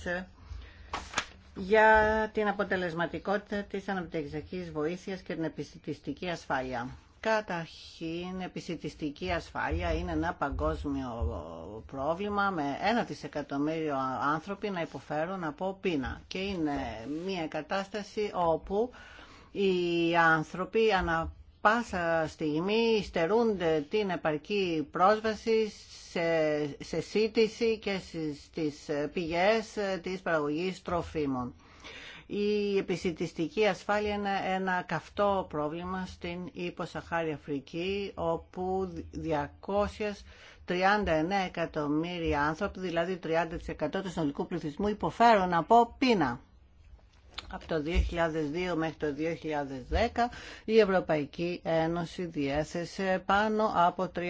για την αποτελεσματικότητα της αναπτυξιακής βοήθειας και την επιστημιστική ασφάλεια. Καταρχήν, επισητιστική ασφάλεια είναι ένα παγκόσμιο πρόβλημα με ένα δισεκατομμύριο άνθρωποι να υποφέρουν από πείνα. Και είναι μια κατάσταση όπου οι άνθρωποι ανα πάσα στιγμή στερούνται την επαρκή πρόσβαση σε, σε σύντηση και στις πηγές της παραγωγής τροφίμων η επιστημιστική ασφάλεια είναι ένα καυτό πρόβλημα στην υποσαχάρη Αφρική όπου 239 εκατομμύρια άνθρωποι, δηλαδή 30% του συνολικού πληθυσμού υποφέρουν από πείνα. Από το 2002 μέχρι το 2010 η Ευρωπαϊκή Ένωση διέθεσε πάνω από 3,1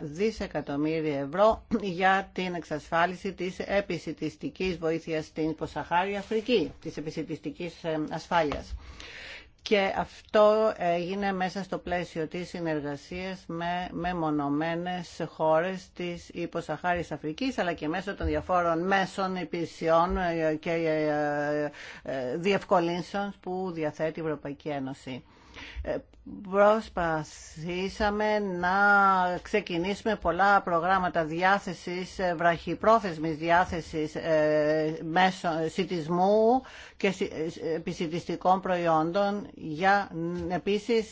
δισεκατομμύρια ευρώ για την εξασφάλιση της επισητιστικής βοήθειας στην Ποσαχάρη Αφρική, της επισητιστικής ε, ασφάλειας και αυτό έγινε μέσα στο πλαίσιο της συνεργασίας με, με μονομένες χώρες της υποσαχάρης Αφρικής αλλά και μέσω των διαφόρων μέσων υπηρεσιών και ε, ε, ε, διευκολύνσεων που διαθέτει η Ευρωπαϊκή Ένωση. Ε, προσπαθήσαμε να ξεκινήσουμε πολλά προγράμματα διάθεσης, ε, βραχυπρόθεσμης διάθεσης ε, μέσω σιτισμού και επισητιστικών προϊόντων για επίσης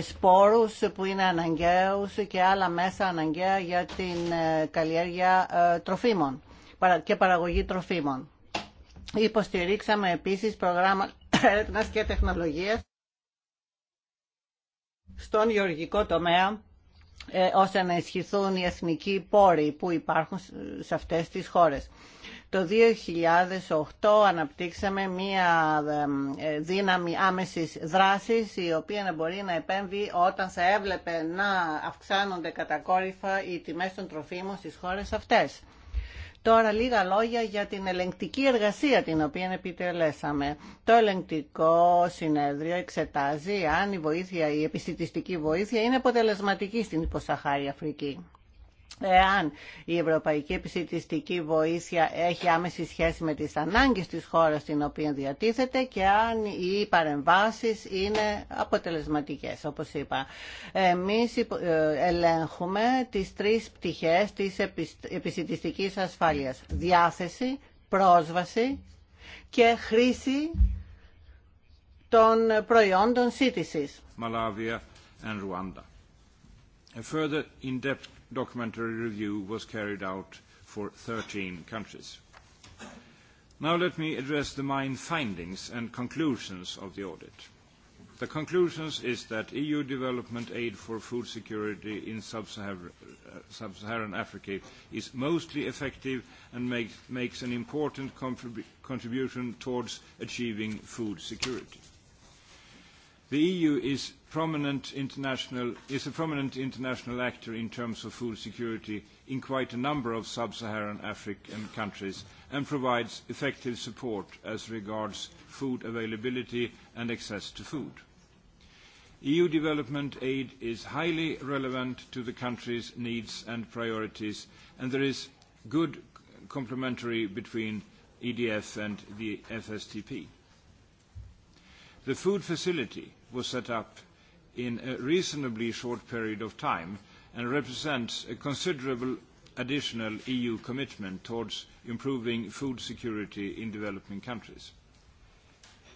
σπόρους που είναι αναγκαίους και άλλα μέσα αναγκαία για την καλλιέργεια τροφίμων και παραγωγή τροφίμων. Υποστηρίξαμε επίσης προγράμματα έρευνας και τεχνολογίας στον γεωργικό τομέα ε, ώστε να ισχυθούν οι εθνικοί πόροι που υπάρχουν σε αυτές τις χώρες. Το 2008 αναπτύξαμε μία ε, δύναμη άμεσης δράσης η οποία να μπορεί να επέμβει όταν θα έβλεπε να αυξάνονται κατακόρυφα οι τιμές των τροφίμων στις χώρες αυτές. Τώρα λίγα λόγια για την ελεγκτική εργασία την οποία επιτελέσαμε. Το ελεγκτικό συνέδριο εξετάζει αν η βοήθεια, η επιστημιστική βοήθεια είναι αποτελεσματική στην υποσαχάρη Αφρική. Εάν η ευρωπαϊκή επιστημιστική βοήθεια έχει άμεση σχέση με τις ανάγκες της χώρας στην οποία διατίθεται και αν οι παρεμβάσεις είναι αποτελεσματικές, όπως είπα. Εμείς ε, ελέγχουμε τις τρεις πτυχές της επιστημιστικής ασφάλειας. Διάθεση, πρόσβαση και χρήση των προϊόντων σύντησης. Μαλάβια and Rwanda. A further in-depth documentary review was carried out for 13 countries. Now let me address the main findings and conclusions of the audit. The conclusions is that EU development aid for food security in sub-Saharan Africa is mostly effective and makes an important contribution towards achieving food security. The EU is prominent international is a prominent international actor in terms of food security in quite a number of sub-Saharan African countries and provides effective support as regards food availability and access to food. EU development aid is highly relevant to the country's needs and priorities and there is good complementary between EDF and the FSTP. The food facility was set up in a reasonably short period of time and represents a considerable additional EU commitment towards improving food security in developing countries.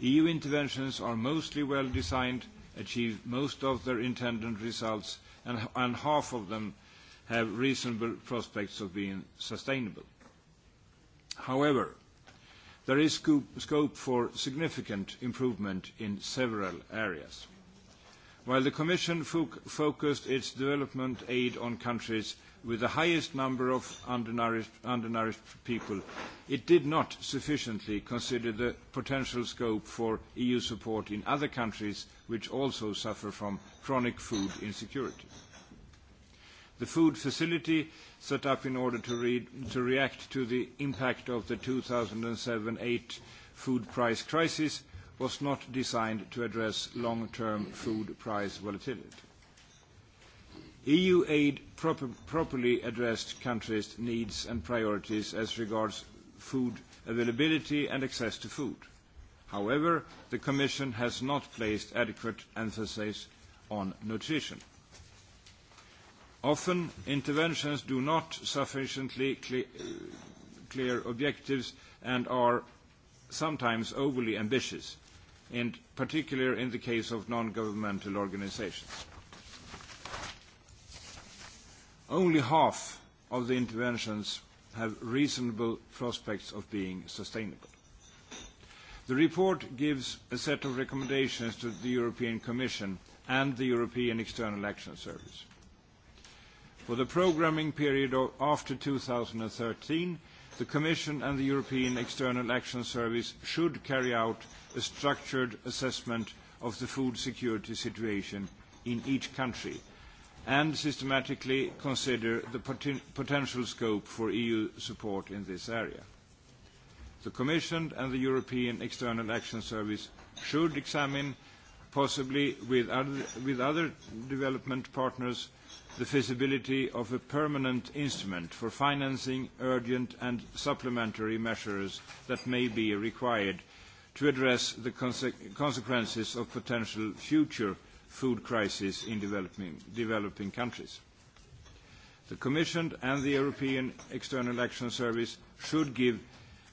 EU interventions are mostly well designed, achieve most of their intended results, and half of them have reasonable prospects of being sustainable. However, there is scope for significant improvement in several areas. While the Commission focused its development aid on countries with the highest number of undernourished people, it did not sufficiently consider the potential scope for EU support in other countries which also suffer from chronic food insecurity. The food facility set up in order to react to the impact of the 2007-8 food price crisis was not designed to address long-term food price volatility. EU aid properly addressed countries' needs and priorities as regards food availability and access to food. However, the Commission has not placed adequate emphasis on nutrition. Often, interventions do not sufficiently clear objectives and are sometimes overly ambitious, in particular in the case of non-governmental organisations. Only half of the interventions have reasonable prospects of being sustainable. The report gives a set of recommendations to the European Commission and the European External Action Service. For the programming period after 2013, the Commission and the European External Action Service should carry out a structured assessment of the food security situation in each country and systematically consider the potential scope for EU support in this area. The Commission and the European External Action Service should examine, possibly with other development partners, the feasibility of a permanent instrument for financing urgent and supplementary measures that may be required to address the consequences of potential future food crises in developing countries. The Commission and the European External Action Service should give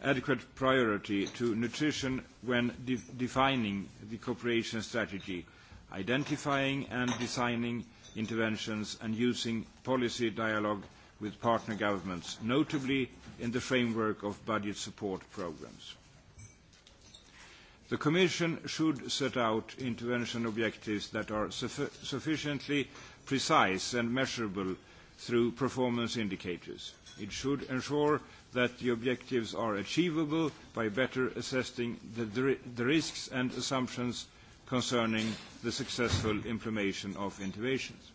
adequate priority to nutrition when defining the cooperation strategy, identifying and designing interventions and using policy dialogue with partner governments, notably in the framework of budget support programmes. The Commission should set out intervention objectives that are sufficiently precise and measurable through performance indicators. It should ensure that the objectives are achievable by better assessing the risks and assumptions concerning the successful implementation of innovations.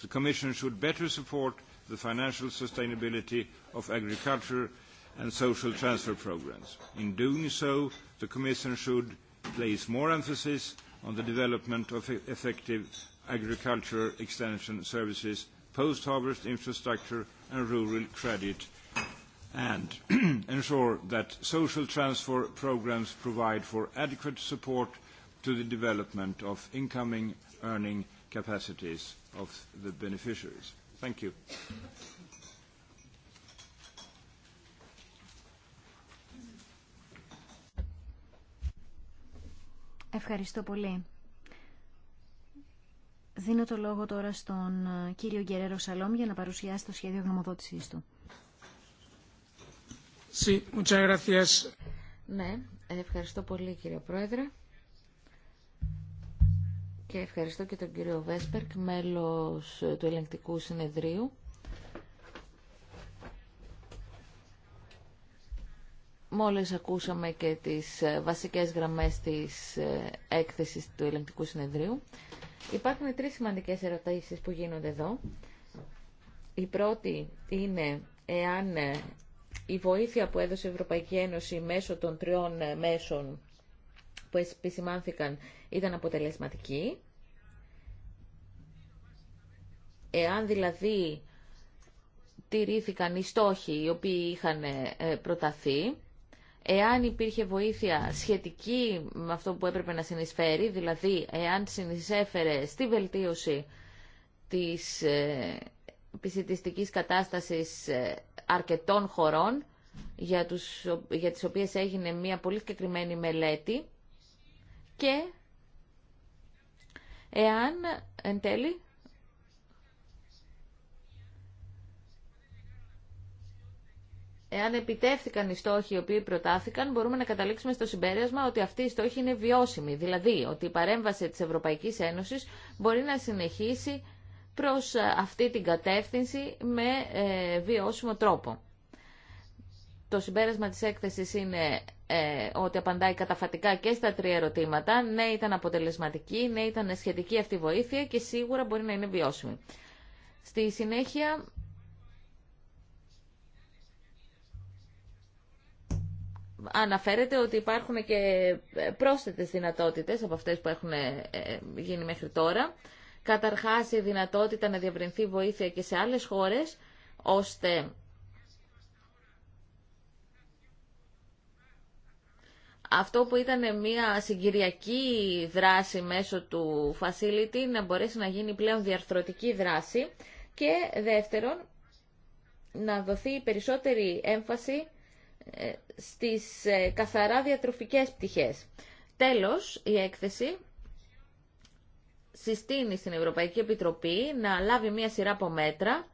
The Commission should better support the financial sustainability of agriculture and social transfer programmes. In doing so, the Commission should place more emphasis on the development of effective agriculture extension services, post-harvest infrastructure and rural credit, and ensure that social transfer programmes provide for adequate support to the development of incoming earning capacities of the beneficiaries. Thank you. Ευχαριστώ πολύ. Δίνω το λόγο τώρα στον ε, κύριο Γκερέρο Σαλόμ για να παρουσιάσει το σχέδιο γνωμοδότησής του. Sí, muchas gracias. Ναι, ευχαριστώ πολύ κύριε Πρόεδρε. Και ευχαριστώ και τον κύριο Βέσπερκ, μέλος ε, του ελεγκτικού συνεδρίου. Μόλις ακούσαμε και τις ε, βασικές γραμμές της ε, έκθεσης του ελεγκτικού συνεδρίου. Υπάρχουν τρεις σημαντικές ερωτήσεις που γίνονται εδώ. Η πρώτη είναι εάν η βοήθεια που έδωσε η Ευρωπαϊκή Ένωση μέσω των τριών μέσων που επισημάνθηκαν ήταν αποτελεσματικοί. Εάν δηλαδή τηρήθηκαν οι στόχοι οι οποίοι είχαν ε, προταθεί, εάν υπήρχε βοήθεια σχετική με αυτό που έπρεπε να συνεισφέρει, δηλαδή εάν συνεισέφερε στη βελτίωση της ε, επισητιστικής κατάστασης ε, αρκετών χωρών, για, τους, για τις οποίες έγινε μια πολύ συγκεκριμένη μελέτη, και εάν εν Εάν επιτεύθηκαν οι στόχοι οι οποίοι προτάθηκαν, μπορούμε να καταλήξουμε στο συμπέρασμα ότι αυτή η στόχη είναι βιώσιμη. Δηλαδή, ότι η παρέμβαση της Ευρωπαϊκής Ένωσης μπορεί να συνεχίσει προς ε, αυτή την κατεύθυνση με ε, βιώσιμο τρόπο. Το συμπέρασμα της έκθεσης είναι ε, ότι απαντάει καταφατικά και στα τρία ερωτήματα. Ναι, ήταν αποτελεσματική, ναι, ήταν σχετική αυτή η βοήθεια και σίγουρα μπορεί να είναι βιώσιμη. Στη συνέχεια, αναφέρεται ότι υπάρχουν και πρόσθετες δυνατότητες από αυτές που έχουν ε, γίνει μέχρι τώρα. Καταρχάς, η δυνατότητα να διαβρινθεί βοήθεια και σε άλλες χώρες, ώστε αυτό που ήταν μια συγκυριακή δράση μέσω του facility να μπορέσει να γίνει πλέον διαρθρωτική δράση και δεύτερον να δοθεί περισσότερη έμφαση ε, στις ε, καθαρά διατροφικές πτυχές. Τέλος, η έκθεση συστήνει στην Ευρωπαϊκή Επιτροπή να λάβει μια σειρά από μέτρα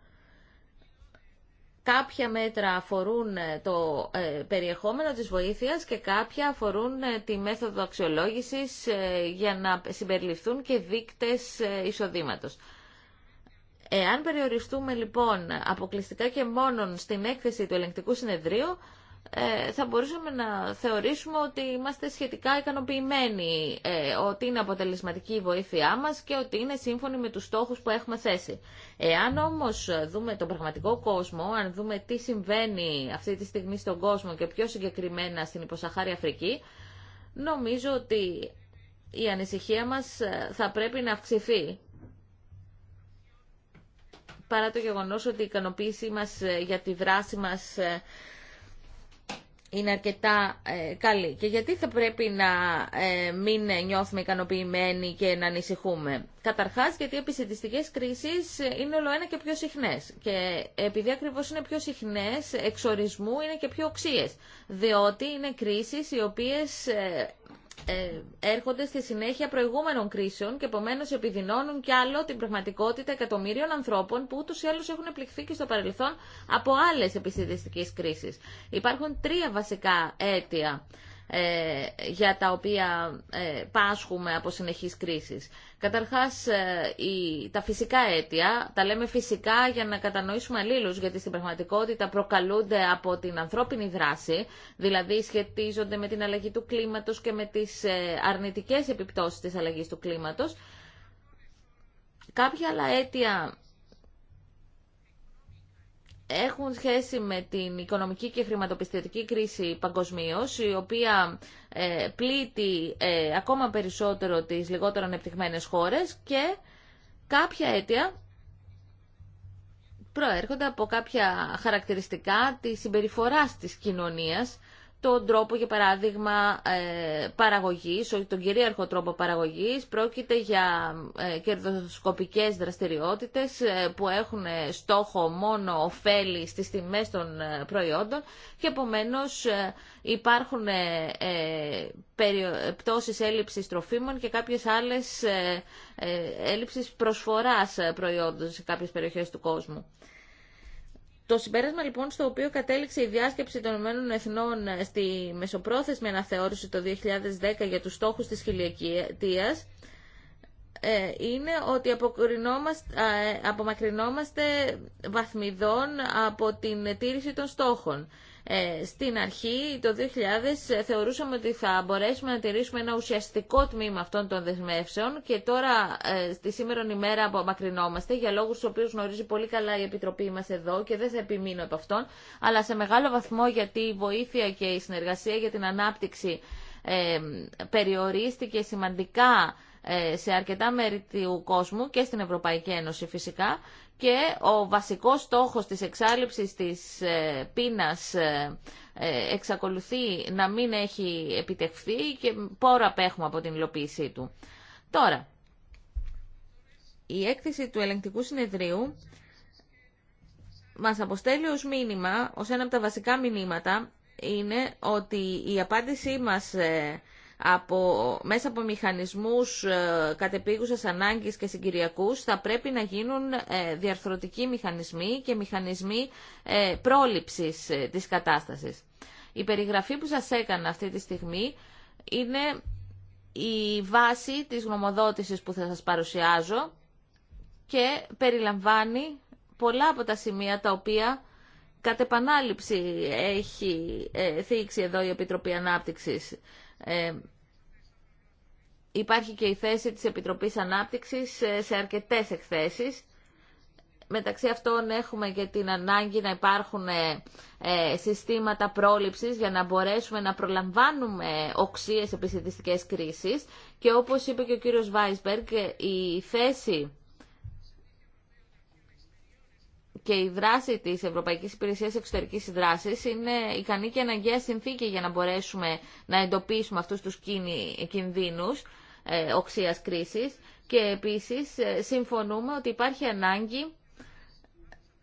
Κάποια μέτρα αφορούν ε, το ε, περιεχόμενο της βοήθειας και κάποια αφορούν ε, τη μέθοδο αξιολόγησης για να συμπεριληφθούν και δείκτες εισοδήματος. Εάν περιοριστούμε λοιπόν αποκλειστικά και μόνον στην έκθεση του ελεγκτικού συνεδρίου, ε, θα μπορούσαμε να θεωρήσουμε ότι είμαστε σχετικά ικανοποιημένοι ε, ότι είναι αποτελεσματική η βοήθειά μας και ότι είναι σύμφωνη με τους στόχους που έχουμε θέσει. Εάν όμως δούμε τον πραγματικό κόσμο, αν δούμε τι συμβαίνει αυτή τη στιγμή στον κόσμο και πιο συγκεκριμένα στην υποσαχάρη Αφρική, νομίζω ότι η ανησυχία μας ε, θα πρέπει να αυξηθεί παρά το γεγονός ότι η ικανοποίησή μας για τη δράση μας είναι αρκετά ε, καλή. Και γιατί θα πρέπει να ε, μην νιώθουμε ικανοποιημένοι και να ανησυχούμε. Καταρχάς γιατί οι επισητιστικές κρίσεις ε, είναι όλο ένα και πιο συχνές. Και επειδή ακριβώς είναι πιο συχνές, εξορισμού είναι και πιο οξύες. Διότι είναι κρίσεις οι οποίες ε, έρχονται στη συνέχεια προηγούμενων κρίσεων και επομένω επιδεινώνουν κι άλλο την πραγματικότητα εκατομμύριων ανθρώπων που ούτω ή άλλω έχουν πληχθεί και στο παρελθόν από άλλε επιστημιστικέ κρίσει. Υπάρχουν τρία βασικά αίτια ε, για τα οποία ε, πάσχουμε από συνεχείς κρίσεις. Καταρχάς, ε, τα φυσικά αίτια, τα λέμε φυσικά για να κατανοήσουμε αλλήλους, γιατί στην πραγματικότητα προκαλούνται από την ανθρώπινη δράση, δηλαδή σχετίζονται με την αλλαγή του κλίματος και με τις αρνητικές επιπτώσεις της αλλαγής του κλίματος. Κάποια άλλα αίτια έχουν σχέση με την οικονομική και χρηματοπιστωτική κρίση παγκοσμίω, η οποία ε, πλήττει ε, ακόμα περισσότερο τις λιγότερο ανεπτυγμένες χώρες και κάποια αίτια προέρχονται από κάποια χαρακτηριστικά της συμπεριφοράς της κοινωνίας τον τρόπο, για παράδειγμα, ε, παραγωγής, τον κυρίαρχο τρόπο παραγωγής. Πρόκειται για ε, κερδοσκοπικές δραστηριότητες ε, που έχουν στόχο μόνο ωφέλη στις τιμές των προϊόντων και επομένως υπάρχουν πτώσεις έλλειψης τροφίμων και κάποιες άλλες έλλειψης προσφοράς προϊόντων σε κάποιες περιοχές του κόσμου. Το συμπέρασμα λοιπόν στο οποίο κατέληξε η διάσκεψη των Ηνωμένων Εθνών στη μεσοπρόθεσμη αναθεώρηση το 2010 για τους στόχους της χιλιακίας ε, είναι ότι ε, απομακρυνόμαστε βαθμιδών από την τήρηση των στόχων. Ε, στην αρχή, το 2000, ε, θεωρούσαμε ότι θα μπορέσουμε να τηρήσουμε ένα ουσιαστικό τμήμα αυτών των δεσμεύσεων και τώρα ε, στη σήμερα ημέρα απομακρυνόμαστε για λόγους του οποίους γνωρίζει πολύ καλά η Επιτροπή μας εδώ και δεν θα επιμείνω από αυτόν, αλλά σε μεγάλο βαθμό γιατί η βοήθεια και η συνεργασία για την ανάπτυξη περιορίστηκε σημαντικά ε, σε αρκετά μέρη του κόσμου και στην Ευρωπαϊκή Ένωση φυσικά και ο βασικός στόχος της εξάλληψης της ε, πείνας ε, εξακολουθεί να μην έχει επιτευχθεί και πόρα απέχουμε από την υλοποίησή του. Τώρα, η έκθεση του ελεγκτικού συνεδρίου μας αποστέλει ως μήνυμα, ως ένα από τα βασικά μηνύματα, είναι ότι η απάντησή μας από, μέσα από μηχανισμούς ε, κατεπίγουσας ανάγκης και συγκυριακούς θα πρέπει να γίνουν ε, διαρθρωτικοί μηχανισμοί και μηχανισμοί ε, πρόληψης ε, της κατάστασης. Η περιγραφή που σας έκανα αυτή τη στιγμή είναι η βάση της γνωμοδότησης που θα σας παρουσιάζω και περιλαμβάνει πολλά από τα σημεία τα οποία κατ' έχει θίξει εδώ η Επιτροπή Ανάπτυξης. Ε, υπάρχει και η θέση της Επιτροπής Ανάπτυξης ε, σε αρκετές εκθέσεις. Μεταξύ αυτών έχουμε και την ανάγκη να υπάρχουν ε, συστήματα πρόληψης για να μπορέσουμε να προλαμβάνουμε οξύες επιστημιστικές κρίσεις και όπως είπε και ο κύριος Βάισμπεργκ η θέση και η δράση τη Ευρωπαϊκή Υπηρεσία Εξωτερικής Δράσης είναι ικανή και αναγκαία συνθήκη για να μπορέσουμε να εντοπίσουμε αυτού του κινδύνου ε, οξείας κρίσης και επίσης ε, συμφωνούμε ότι υπάρχει ανάγκη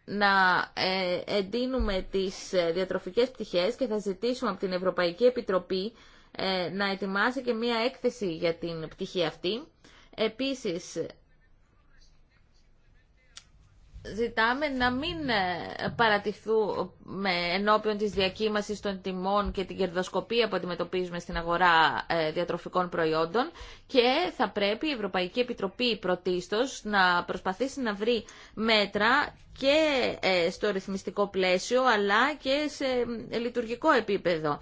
να ε, εντείνουμε τις ε, διατροφικές πτυχές και θα ζητήσουμε από την Ευρωπαϊκή Επιτροπή να ετοιμάσει και μία έκθεση για την πτυχή αυτή. Επίσης, ζητάμε να μην ε, παρατηθούμε ενώπιον της διακύμασης των τιμών και την κερδοσκοπία που αντιμετωπίζουμε στην αγορά ε, διατροφικών προϊόντων και θα πρέπει η Ευρωπαϊκή Επιτροπή πρωτίστως να προσπαθήσει να βρει μέτρα και ε, στο ρυθμιστικό πλαίσιο αλλά και σε λειτουργικό επίπεδο.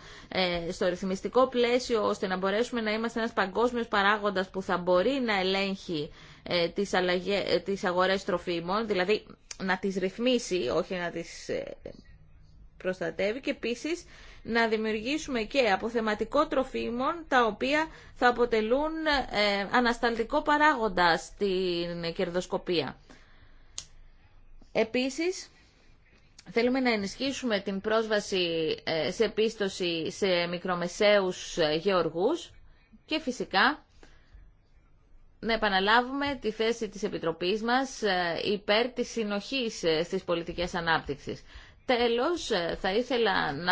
Στο ρυθμιστικό πλαίσιο ώστε να μπορέσουμε να είμαστε ένας παγκόσμιος παράγοντας που θα μπορεί να ελέγχει ε, τις, αλλαγές, ε, τις αγορές τροφίμων, δηλαδή να τις ρυθμίσει, όχι να τις ε, προστατεύει και επίσης να δημιουργήσουμε και αποθεματικό τροφίμων τα οποία θα αποτελούν ανασταλτικό παράγοντα στην κερδοσκοπία. Επίσης, Θέλουμε να ενισχύσουμε την πρόσβαση σε πίστοση σε μικρομεσαίους γεωργούς και φυσικά να επαναλάβουμε τη θέση της Επιτροπής μας ε, υπέρ της συνοχής ε, στις πολιτικές ανάπτυξης. Τέλος, ε, θα ήθελα να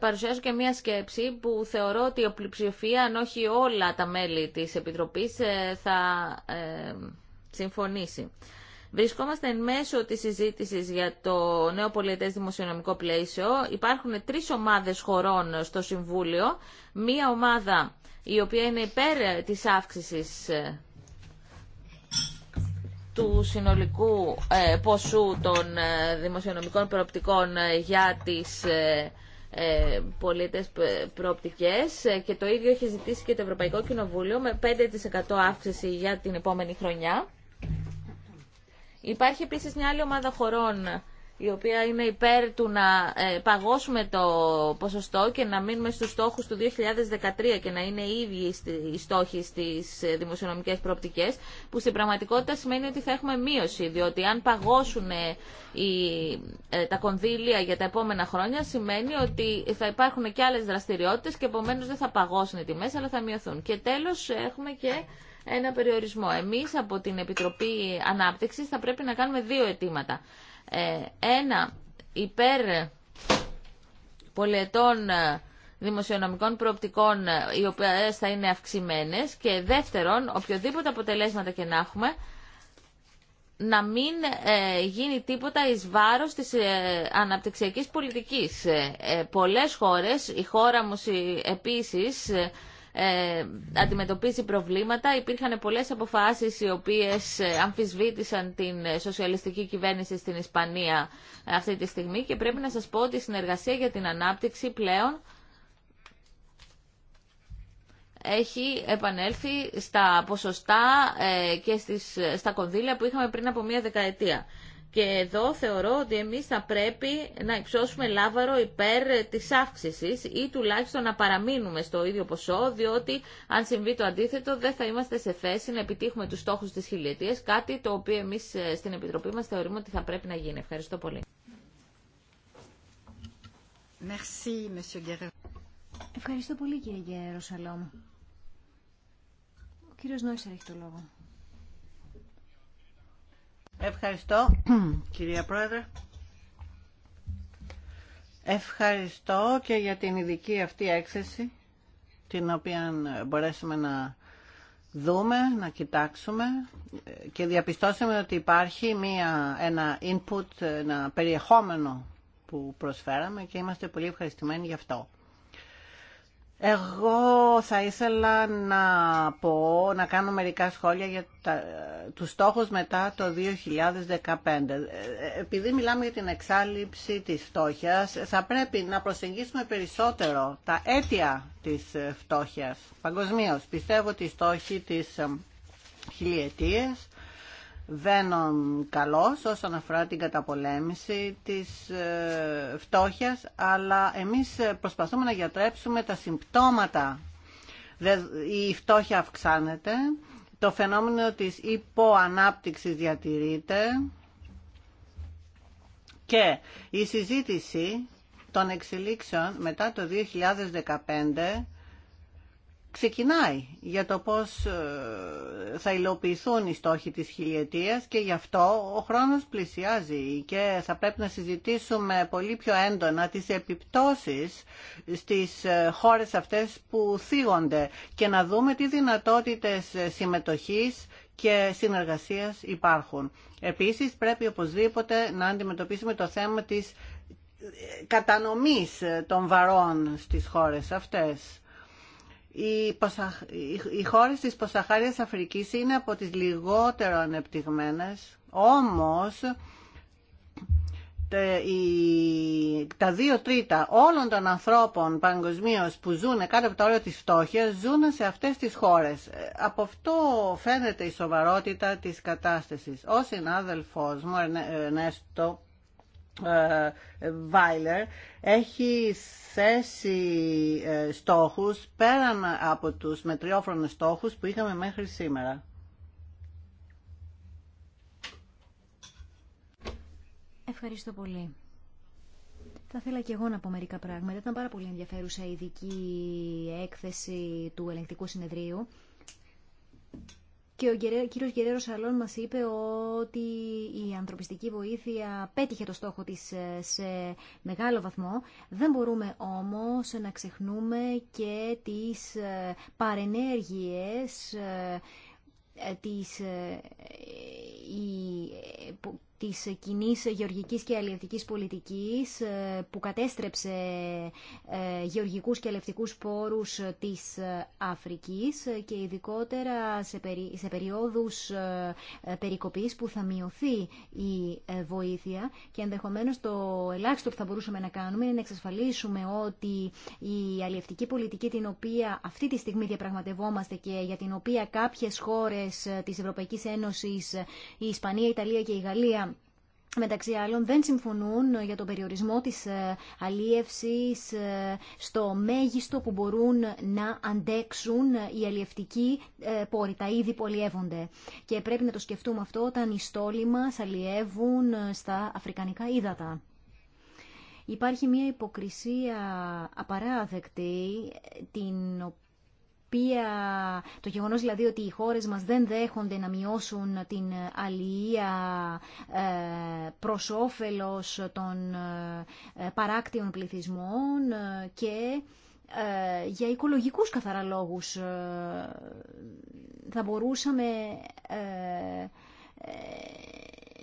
παρουσιάσω και μία σκέψη που θεωρώ ότι ο πλειοψηφία, αν όχι όλα τα μέλη της Επιτροπής, θα συμφωνήσει. Βρισκόμαστε εν μέσω της συζήτησης για το νέο πολιετές δημοσιονομικό πλαίσιο. Υπάρχουν τρεις ομάδες χωρών στο Συμβούλιο. Μία ομάδα η οποία είναι υπέρ ε, της αύξησης ε, του συνολικού ε, ποσού των δημοσιονομικών προοπτικών για τις πολίτες προοπτικές και το ίδιο έχει ζητήσει και το Ευρωπαϊκό Κοινοβούλιο με 5% αύξηση για την επόμενη χρονιά. Υπάρχει επίσης μια άλλη ομάδα χωρών η οποία είναι υπέρ του να ε, παγώσουμε το ποσοστό και να μείνουμε στους στόχους του 2013 και να είναι οι ίδιοι οι στόχοι στις ε, δημοσιονομικές προοπτικές, που στην πραγματικότητα σημαίνει ότι θα έχουμε μείωση, διότι αν παγώσουν ε, τα κονδύλια για τα επόμενα χρόνια, σημαίνει ότι θα υπάρχουν και άλλες δραστηριότητες και επομένως δεν θα παγώσουν οι τιμές, αλλά θα μειωθούν. Και τέλος έχουμε και ένα περιορισμό. Εμείς από την Επιτροπή Ανάπτυξης θα πρέπει να κάνουμε δύο αιτήματα. Ε, ένα υπέρ πολιετών ε, δημοσιονομικών προοπτικών ε, οι οποίες θα είναι αυξημένες και δεύτερον, οποιοδήποτε αποτελέσματα και να έχουμε, να μην γίνει τίποτα εις βάρος της ε, αναπτυξιακής πολιτικής. πολλές χώρες, η χώρα μου επίσης, ε, αντιμετωπίζει προβλήματα. Υπήρχαν πολλές αποφάσεις οι οποίες ε, αμφισβήτησαν την ε, σοσιαλιστική κυβέρνηση στην Ισπανία ε, αυτή τη στιγμή και πρέπει να σας πω ότι η συνεργασία για την ανάπτυξη πλέον έχει επανέλθει στα ποσοστά και στις, στα κονδύλια που είχαμε πριν από μία δεκαετία. Και εδώ θεωρώ ότι εμείς θα πρέπει να υψώσουμε λάβαρο υπέρ της αύξησης ή τουλάχιστον να παραμείνουμε στο ίδιο ποσό, διότι αν συμβεί το αντίθετο δεν θα είμαστε σε θέση να επιτύχουμε τους στόχους της χιλιετίας, κάτι το οποίο εμείς ε, στην Επιτροπή μας θεωρούμε ότι θα πρέπει να γίνει. Ευχαριστώ πολύ. Ευχαριστώ πολύ κύριε Γεροσαλόμ. Ο κύριος Νόησερ έχει το λόγο. Ευχαριστώ, κυρία Πρόεδρε. Ευχαριστώ και για την ειδική αυτή έκθεση, την οποία μπορέσουμε να δούμε, να κοιτάξουμε και διαπιστώσαμε ότι υπάρχει μία, ένα input, ένα περιεχόμενο που προσφέραμε και είμαστε πολύ ευχαριστημένοι γι' αυτό. Εγώ θα ήθελα να πω, να κάνω μερικά σχόλια για τους στόχους μετά το 2015. Επειδή μιλάμε για την εξάλληψη της φτώχειας, θα πρέπει να προσεγγίσουμε περισσότερο τα αίτια της φτώχειας παγκοσμίω. Πιστεύω ότι οι στόχοι της ε, χιλιετίας... Βένον καλός όσον αφορά την καταπολέμηση της ε, φτώχειας, αλλά εμείς προσπαθούμε να γιατρέψουμε τα συμπτώματα. Η φτώχεια αυξάνεται, το φαινόμενο της υποανάπτυξης διατηρείται και η συζήτηση των εξελίξεων μετά το 2015 ξεκινάει για το πώς ε, θα υλοποιηθούν οι στόχοι της χιλιετίας και γι' αυτό ο χρόνος πλησιάζει και θα πρέπει να συζητήσουμε πολύ πιο έντονα τις επιπτώσεις στις ε, χώρες αυτές που θίγονται και να δούμε τι δυνατότητες ε, συμμετοχής και συνεργασίας υπάρχουν. Επίσης πρέπει οπωσδήποτε να αντιμετωπίσουμε το θέμα της κατανομής των βαρών στις χώρες αυτές οι χώρες της Πασαχάριας Αφρικής είναι από τις λιγότερο ανεπτυγμένες, όμως τα δύο τρίτα όλων των ανθρώπων παγκοσμίω που ζουν κάτω από το όριο της φτώχειας ζουν σε αυτές τις χώρες. Ε, από αυτό φαίνεται η σοβαρότητα της κατάστασης. Ο συνάδελφός μου, Νέστο, ε, Βάιλερ έχει θέσει ε, στόχους πέραν από τους μετριόφρονες στόχους που είχαμε μέχρι σήμερα. Ευχαριστώ πολύ. Θα ήθελα και εγώ να πω μερικά πράγματα. Ήταν πάρα πολύ ενδιαφέρουσα η ειδική έκθεση του ελεγκτικού συνεδρίου και ο κύριος Γερέρος Σαλών μας είπε ότι η ανθρωπιστική βοήθεια πέτυχε το στόχο της ε, σε μεγάλο βαθμό. Δεν μπορούμε όμως να ξεχνούμε και τις ε, παρενέργειες ε, της, της κοινή γεωργικής και αλληλευτικής πολιτικής ε, που κατέστρεψε ε, γεωργικούς και αλληλευτικούς πόρους της ε, Αφρικής και ειδικότερα σε, περι, σε περιόδους περικοπής που θα μειωθεί η βοήθεια και ενδεχομένως το ελάχιστο που θα μπορούσαμε να κάνουμε είναι να εξασφαλίσουμε ότι η αλληλευτική πολιτική την οποία αυτή τη στιγμή διαπραγματευόμαστε και για την οποία κάποιες χώρες της Ευρωπαϊκής Ένωσης, η Ισπανία, η Ιταλία και η Γαλλία μεταξύ άλλων δεν συμφωνούν για τον περιορισμό της ε, αλίευσης ε, στο μέγιστο που μπορούν να αντέξουν οι αλλιευτικοί ε, πόροι, τα είδη που Και πρέπει να το σκεφτούμε αυτό όταν οι στόλοι μας αλλιεύουν στα αφρικανικά ύδατα. Υπάρχει μια υποκρισία απαράδεκτη την οποία οποία, το γεγονός δηλαδή ότι οι χώρες μας δεν δέχονται να μειώσουν την ε, αλληλεία ε, προς όφελος των ε, παράκτιων πληθυσμών και για οικολογικούς καθαρά λόγους θα μπορούσαμε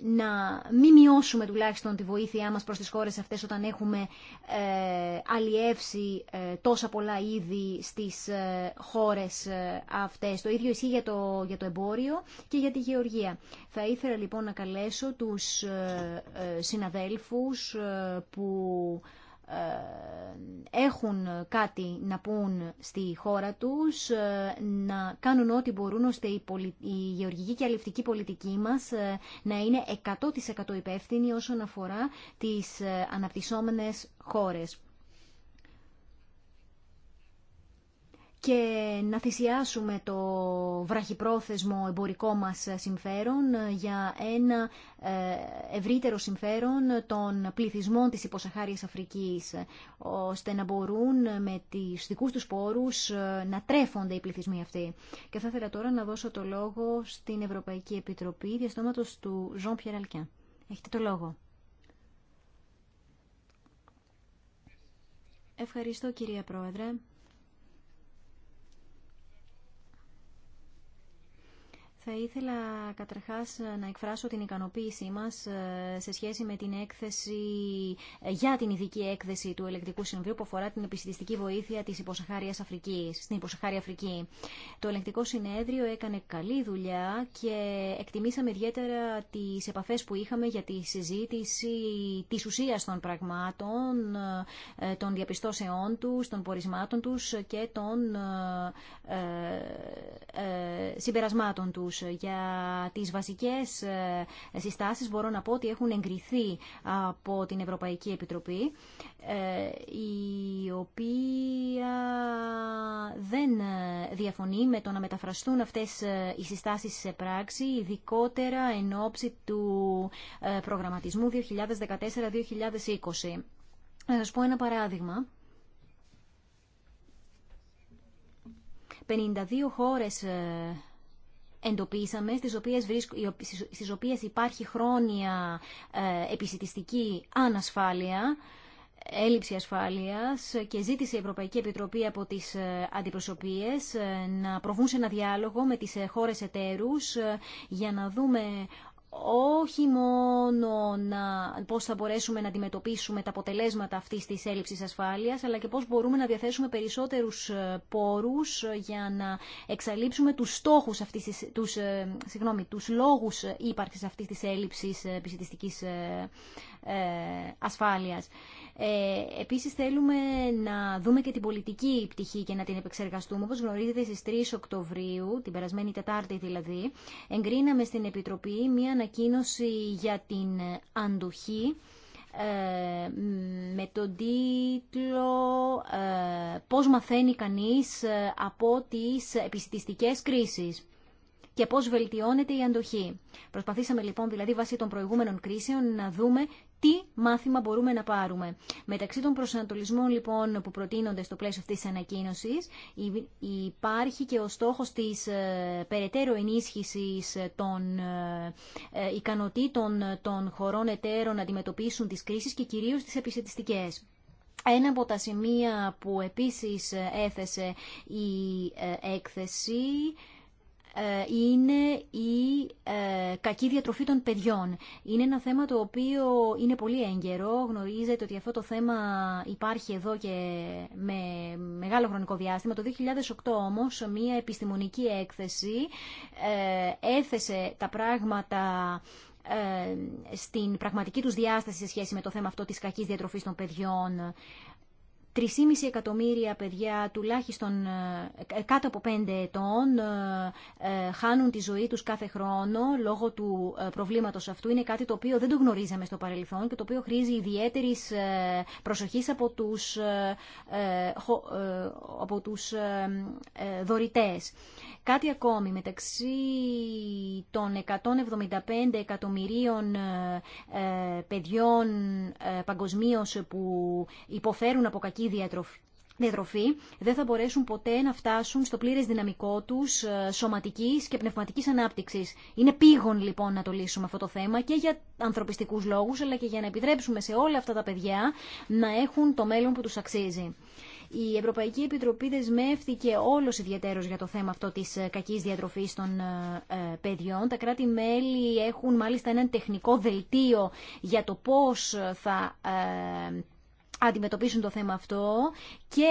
να μην μειώσουμε τουλάχιστον τη βοήθειά μας προς τις χώρες αυτές όταν έχουμε ε, αλλιεύσει ε, τόσα πολλά είδη στις ε, χώρες αυτές. Το ίδιο ισχύει για το, για το εμπόριο και για τη γεωργία. Θα ήθελα λοιπόν να καλέσω τους συναδέλφους που ε, έχουν κάτι να πούν στη χώρα τους, ε, να κάνουν ό,τι μπορούν ώστε η, γεωργική και αληφτική πολιτική μας ε, να είναι 100% υπεύθυνη όσον αφορά τις αναπτυσσόμενες χώρες. και να θυσιάσουμε το βραχυπρόθεσμο εμπορικό μας συμφέρον για ένα ε, ευρύτερο συμφέρον των πληθυσμών της υποσαχάριας Αφρικής, ώστε να μπορούν με τις δικούς τους πόρους ε, να τρέφονται οι πληθυσμοί αυτοί. Και θα ήθελα τώρα να δώσω το λόγο στην Ευρωπαϊκή Επιτροπή διαστόματος του Ζων Πιεραλκιά. Έχετε το λόγο. Ευχαριστώ κυρία Πρόεδρε. Θα ήθελα καταρχάς να εκφράσω την ικανοποίησή μας ε, σε σχέση με την έκθεση ε, για την ειδική έκθεση του Ελεκτικού Συνεδρίου που αφορά την επιστημιστική βοήθεια της υποσαχάριας Αφρικής, στην υποσαχάρια Αφρική. Το Ελεκτικό Συνέδριο έκανε καλή δουλειά και εκτιμήσαμε ιδιαίτερα τις επαφές που είχαμε για τη συζήτηση της ουσίας των πραγμάτων, ε, των διαπιστώσεών τους, των πορισμάτων τους και των συμπερασμάτων τους. Για τις βασικές ε, συστάσεις μπορώ να πω ότι έχουν εγκριθεί από την Ευρωπαϊκή Επιτροπή, ε, η οποία δεν διαφωνεί με το να μεταφραστούν αυτές ε, οι συστάσεις σε πράξη, ειδικότερα εν ώψη του προγραμματισμού 2014-2020. Να σας πω ένα παράδειγμα. 52 χώρες εντοπίσαμε, στις οποίες, στις οποίες υπάρχει χρόνια ε, επισητιστική ανασφάλεια, έλλειψη ασφάλειας και ζήτησε η Ευρωπαϊκή Επιτροπή από τις ε, αντιπροσωπείες ε, να προβούν σε ένα διάλογο με τις χώρες εταίρους για να δούμε όχι μόνο να, πώς θα μπορέσουμε να αντιμετωπίσουμε τα αποτελέσματα αυτής της έλλειψης ασφάλειας, αλλά και πώς μπορούμε να διαθέσουμε περισσότερους ε, πόρους ε, για να εξαλείψουμε τους στόχους αυτής της, τους, ε, συγγνώμη, τους λόγους ύπαρξης αυτής της έλλειψης επιστηστικής ε, ασφάλειας. Ε, επίσης θέλουμε να δούμε και την πολιτική πτυχή και να την επεξεργαστούμε. Όπως γνωρίζετε στις 3 Οκτωβρίου, την περασμένη Τετάρτη δηλαδή, εγκρίναμε στην Επιτροπή μία ανακοίνωση για την αντοχή ε, με τον τίτλο ε, «Πώς μαθαίνει κανείς από τις επιστηστικές κρίσεις» και πώς βελτιώνεται η αντοχή. Προσπαθήσαμε λοιπόν δηλαδή βάσει των προηγούμενων κρίσεων να δούμε τι μάθημα μπορούμε να πάρουμε. Μεταξύ των προσανατολισμών λοιπόν που προτείνονται στο πλαίσιο αυτής της ανακοίνωσης υπάρχει και ο στόχος της ε, περαιτέρω ενίσχυσης των ε, ε, ικανοτήτων των χωρών εταίρων να αντιμετωπίσουν τις κρίσεις και κυρίως τις επισητιστικές. Ένα από τα σημεία που επίσης έθεσε η έκθεση ε, είναι η ε, κακή διατροφή των παιδιών. Είναι ένα θέμα το οποίο είναι πολύ έγκαιρο. Γνωρίζετε ότι αυτό το θέμα υπάρχει εδώ και με μεγάλο χρονικό διάστημα. Το 2008 όμως μία επιστημονική έκθεση ε, έθεσε τα πράγματα στην πραγματική τους διάσταση σε σχέση με το θέμα αυτό της κακής διατροφής των παιδιών 3,5 εκατομμύρια παιδιά τουλάχιστον ε, κάτω από 5 ετών ε, ε, χάνουν τη ζωή τους κάθε χρόνο λόγω του προβλήματος αυτού. Είναι κάτι το οποίο δεν το γνωρίζαμε στο παρελθόν και το οποίο χρήζει ιδιαίτερη προσοχής από τους, από τους δωρητές. Κάτι ακόμη μεταξύ των 175 εκατομμυρίων παιδιών παγκοσμίω που υποφέρουν από κακή διατροφή διατροφή δεν θα μπορέσουν ποτέ να φτάσουν στο πλήρες δυναμικό τους ε, σωματικής και πνευματική ανάπτυξης. Είναι πήγον λοιπόν να το λύσουμε αυτό το θέμα και για ανθρωπιστικούς λόγους αλλά και για να επιτρέψουμε σε όλα αυτά τα παιδιά να έχουν το μέλλον που τους αξίζει. Η Ευρωπαϊκή Επιτροπή δεσμεύτηκε όλο ιδιαίτερο για το θέμα αυτό τη ε, κακή διατροφή των ε, παιδιών. Τα κράτη-μέλη έχουν μάλιστα ένα τεχνικό δελτίο για το πώ θα αντιμετωπίσουν το θέμα αυτό και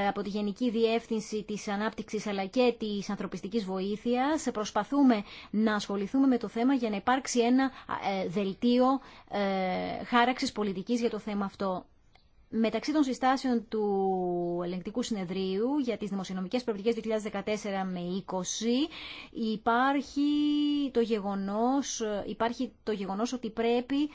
ε, από τη Γενική Διεύθυνση της Ανάπτυξης αλλά και της Ανθρωπιστικής Βοήθειας προσπαθούμε να ασχοληθούμε με το θέμα για να υπάρξει ένα ε, δελτίο ε, χάραξης πολιτικής για το θέμα αυτό. Μεταξύ των συστάσεων του ελεγκτικού συνεδρίου για τις δημοσιονομικές Προεπτικές 2014 με 20 υπάρχει το γεγονός, υπάρχει το γεγονός ότι πρέπει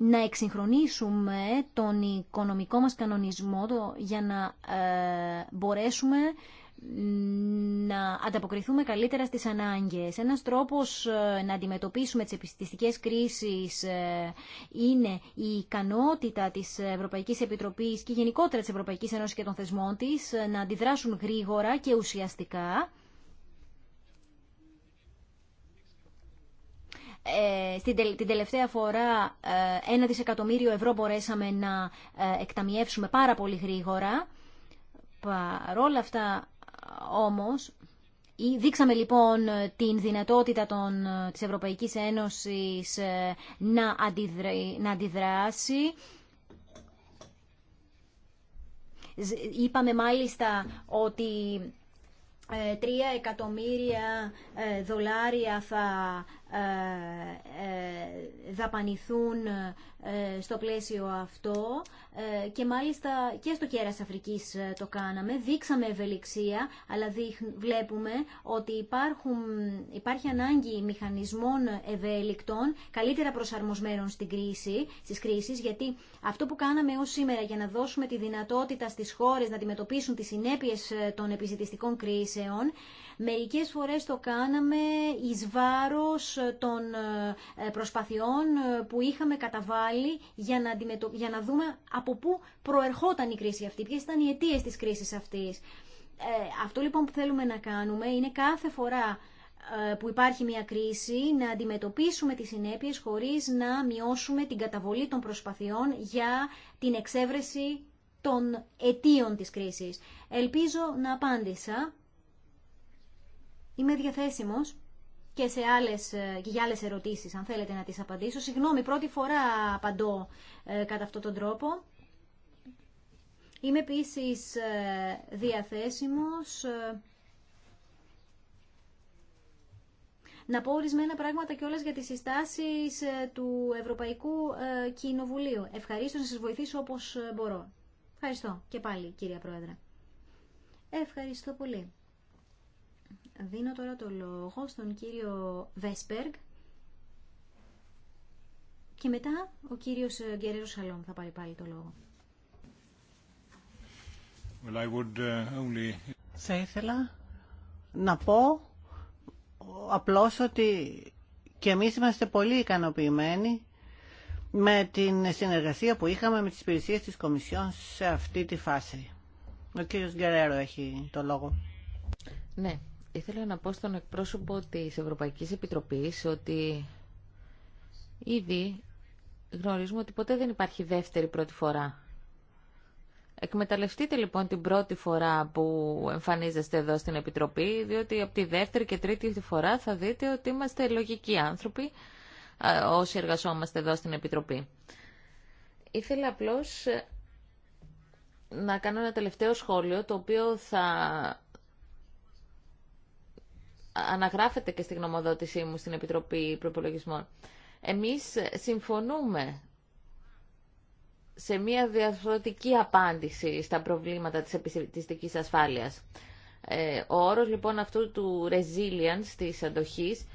να εξυγχρονίσουμε τον οικονομικό μας κανονισμό για να ε, μπορέσουμε να ανταποκριθούμε καλύτερα στις ανάγκες. Ένας τρόπος ε, να αντιμετωπίσουμε τις επιστηστικές κρίσεις ε, είναι η ικανότητα της Ευρωπαϊκής Επιτροπής και γενικότερα της Ευρωπαϊκής Ένωσης και των θεσμών της να αντιδράσουν γρήγορα και ουσιαστικά Ε, στην την τελευταία φορά ε, ένα δισεκατομμύριο ευρώ μπορέσαμε να ε, εκταμιεύσουμε πάρα πολύ γρήγορα. Παρόλα αυτά όμως, δείξαμε λοιπόν την δυνατότητα των, της Ευρωπαϊκής Ένωσης να, να αντιδράσει. Είπαμε μάλιστα ότι 3 εκατομμύρια δολάρια θα ε, ε, δαπανηθούν ε, στο πλαίσιο αυτό και μάλιστα και στο κέρας Αφρικής το κάναμε. Δείξαμε ευελιξία, αλλά βλέπουμε ότι υπάρχουν, υπάρχει ανάγκη μηχανισμών ευέλικτων, καλύτερα προσαρμοσμένων στην κρίση, στις κρίσεις, γιατί αυτό που κάναμε ως σήμερα για να δώσουμε τη δυνατότητα στις χώρες να αντιμετωπίσουν τις συνέπειες των επιζητιστικών κρίσεων, Μερικές φορές το κάναμε εις βάρος των ε, προσπαθειών ε, που είχαμε καταβάλει για να, δούμε από πού προερχόταν η κρίση αυτή, ποιες ήταν οι αιτίες της κρίσης αυτής. Ε, αυτό λοιπόν που θέλουμε να κάνουμε είναι κάθε φορά που υπάρχει μια κρίση να αντιμετωπίσουμε τις συνέπειες χωρίς να μειώσουμε την καταβολή των προσπαθειών για την εξέβρεση των αιτίων της κρίσης. Ελπίζω να απάντησα Είμαι διαθέσιμος και, σε άλλες, ε, και για άλλες ερωτήσεις, αν θέλετε να τις απαντήσω. Συγγνώμη, πρώτη φορά απαντώ ε, κατά αυτόν τον τρόπο. Είμαι επίσης ε, διαθέσιμος ε, να πω ορισμένα πράγματα και όλες για τις συστάσεις του Ευρωπαϊκού Κοινοβουλίου. Ευχαρίστω να σας βοηθήσω όπως μπορώ. Ευχαριστώ και πάλι, κυρία Πρόεδρε. Ευχαριστώ πολύ. Δίνω τώρα το λόγο στον κύριο Βέσπεργ και μετά ο κύριος ε, Γκερέρος Σαλόμ θα πάρει πάλι το λόγο. Ε, θα ήθελα να πω απλώς ότι και εμείς είμαστε πολύ ικανοποιημένοι με την συνεργασία που είχαμε με τις υπηρεσίες της Κομισιόν σε αυτή τη φάση. Ο κύριος Γκερέρο έχει το λόγο. Ναι, Ήθελα να πω στον εκπρόσωπο της Ευρωπαϊκής Επιτροπής ότι ήδη γνωρίζουμε ότι ποτέ δεν υπάρχει δεύτερη πρώτη φορά. Εκμεταλλευτείτε λοιπόν την πρώτη φορά που εμφανίζεστε εδώ στην Επιτροπή, διότι από τη δεύτερη και τρίτη φορά θα δείτε ότι είμαστε λογικοί άνθρωποι όσοι εργαζόμαστε εδώ στην Επιτροπή. Ήθελα απλώς να κάνω ένα τελευταίο σχόλιο, το οποίο θα αναγράφεται και στη γνωμοδότησή μου στην Επιτροπή Προπολογισμών. Εμείς συμφωνούμε σε μια διαφορετική απάντηση στα προβλήματα της επιστημιστικής ασφάλειας. Ε, ο όρος λοιπόν αυτού του resilience, της αντοχής,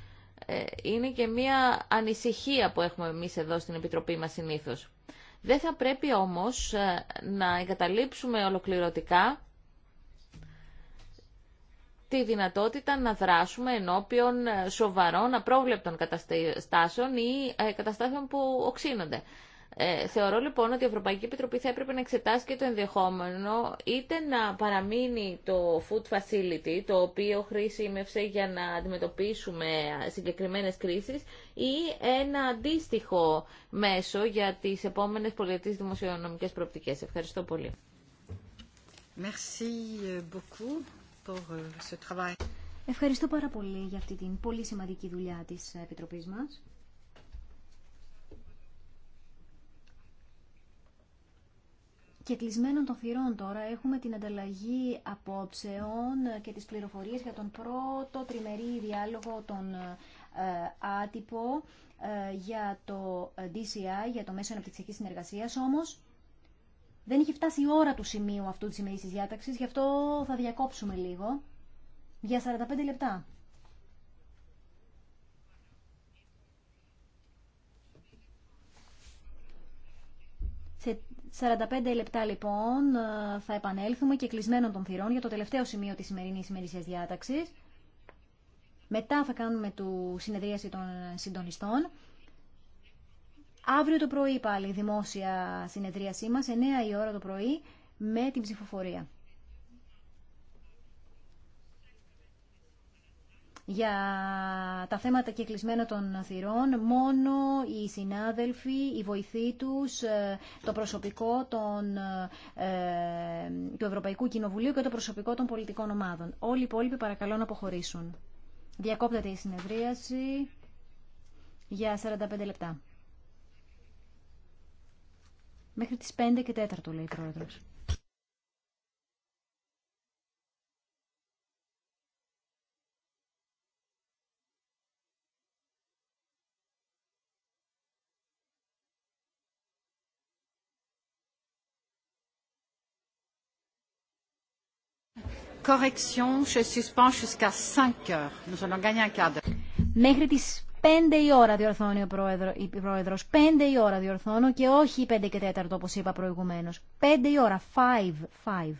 ε, είναι και μια ανησυχία που έχουμε εμείς εδώ στην Επιτροπή μας συνήθως. Δεν θα πρέπει όμως ε, να εγκαταλείψουμε ολοκληρωτικά τη δυνατότητα να δράσουμε ενώπιον ε, σοβαρών, απρόβλεπτων καταστάσεων ή ε, καταστάσεων που οξύνονται. Ε, θεωρώ λοιπόν ότι η καταστασεων που οξυνονται θεωρω Επιτροπή θα έπρεπε να εξετάσει και το ενδεχόμενο είτε να παραμείνει το food facility, το οποίο χρήσιμευσε για να αντιμετωπίσουμε συγκεκριμένες κρίσεις, ή ένα αντίστοιχο μέσο για τις επόμενες πολιτικές δημοσιονομικές προοπτικές. Ευχαριστώ πολύ. Merci beaucoup. Euh, Ευχαριστώ πάρα πολύ για αυτή την πολύ σημαντική δουλειά της Επιτροπής μας. Και κλεισμένων των θυρών τώρα έχουμε την ανταλλαγή απόψεων και τις πληροφορίες για τον πρώτο τριμερή διάλογο των ε, άτυπο ε, για το ε, DCI, για το Μέσο Αναπτυξιακής Συνεργασίας. Όμως δεν είχε φτάσει η ώρα του σημείου αυτού της ημερήσης διάταξης, γι' αυτό θα διακόψουμε λίγο για 45 λεπτά. Σε 45 λεπτά λοιπόν θα επανέλθουμε και κλεισμένων των θυρών για το τελευταίο σημείο της σημερινής ημερήσιας διάταξης. Μετά θα κάνουμε του συνεδρίαση των συντονιστών. Αύριο το πρωί πάλι δημόσια συνεδρίασή μας, 9 η ώρα το πρωί, με την ψηφοφορία. για τα θέματα και κλεισμένα των θυρών μόνο οι συνάδελφοι, οι βοηθοί τους, ε, το προσωπικό των, ε, του Ευρωπαϊκού Κοινοβουλίου και το προσωπικό των πολιτικών ομάδων. Όλοι οι υπόλοιποι παρακαλώ να αποχωρήσουν. Διακόπτεται η συνεδρίαση για 45 λεπτά. Μέχρι τις 5 και 4 λέει η Πρόεδρος. Correction, je suspends jusqu'à 5 heures. Nous allons gagner un quart d'heure. Μέχρι τις Πέντε η ώρα διορθώνει ο πρόεδρο, Πέντε η ώρα διορθώνω και όχι πέντε και τέταρτο όπως είπα προηγουμένω. Πέντε η ώρα. Five. Five.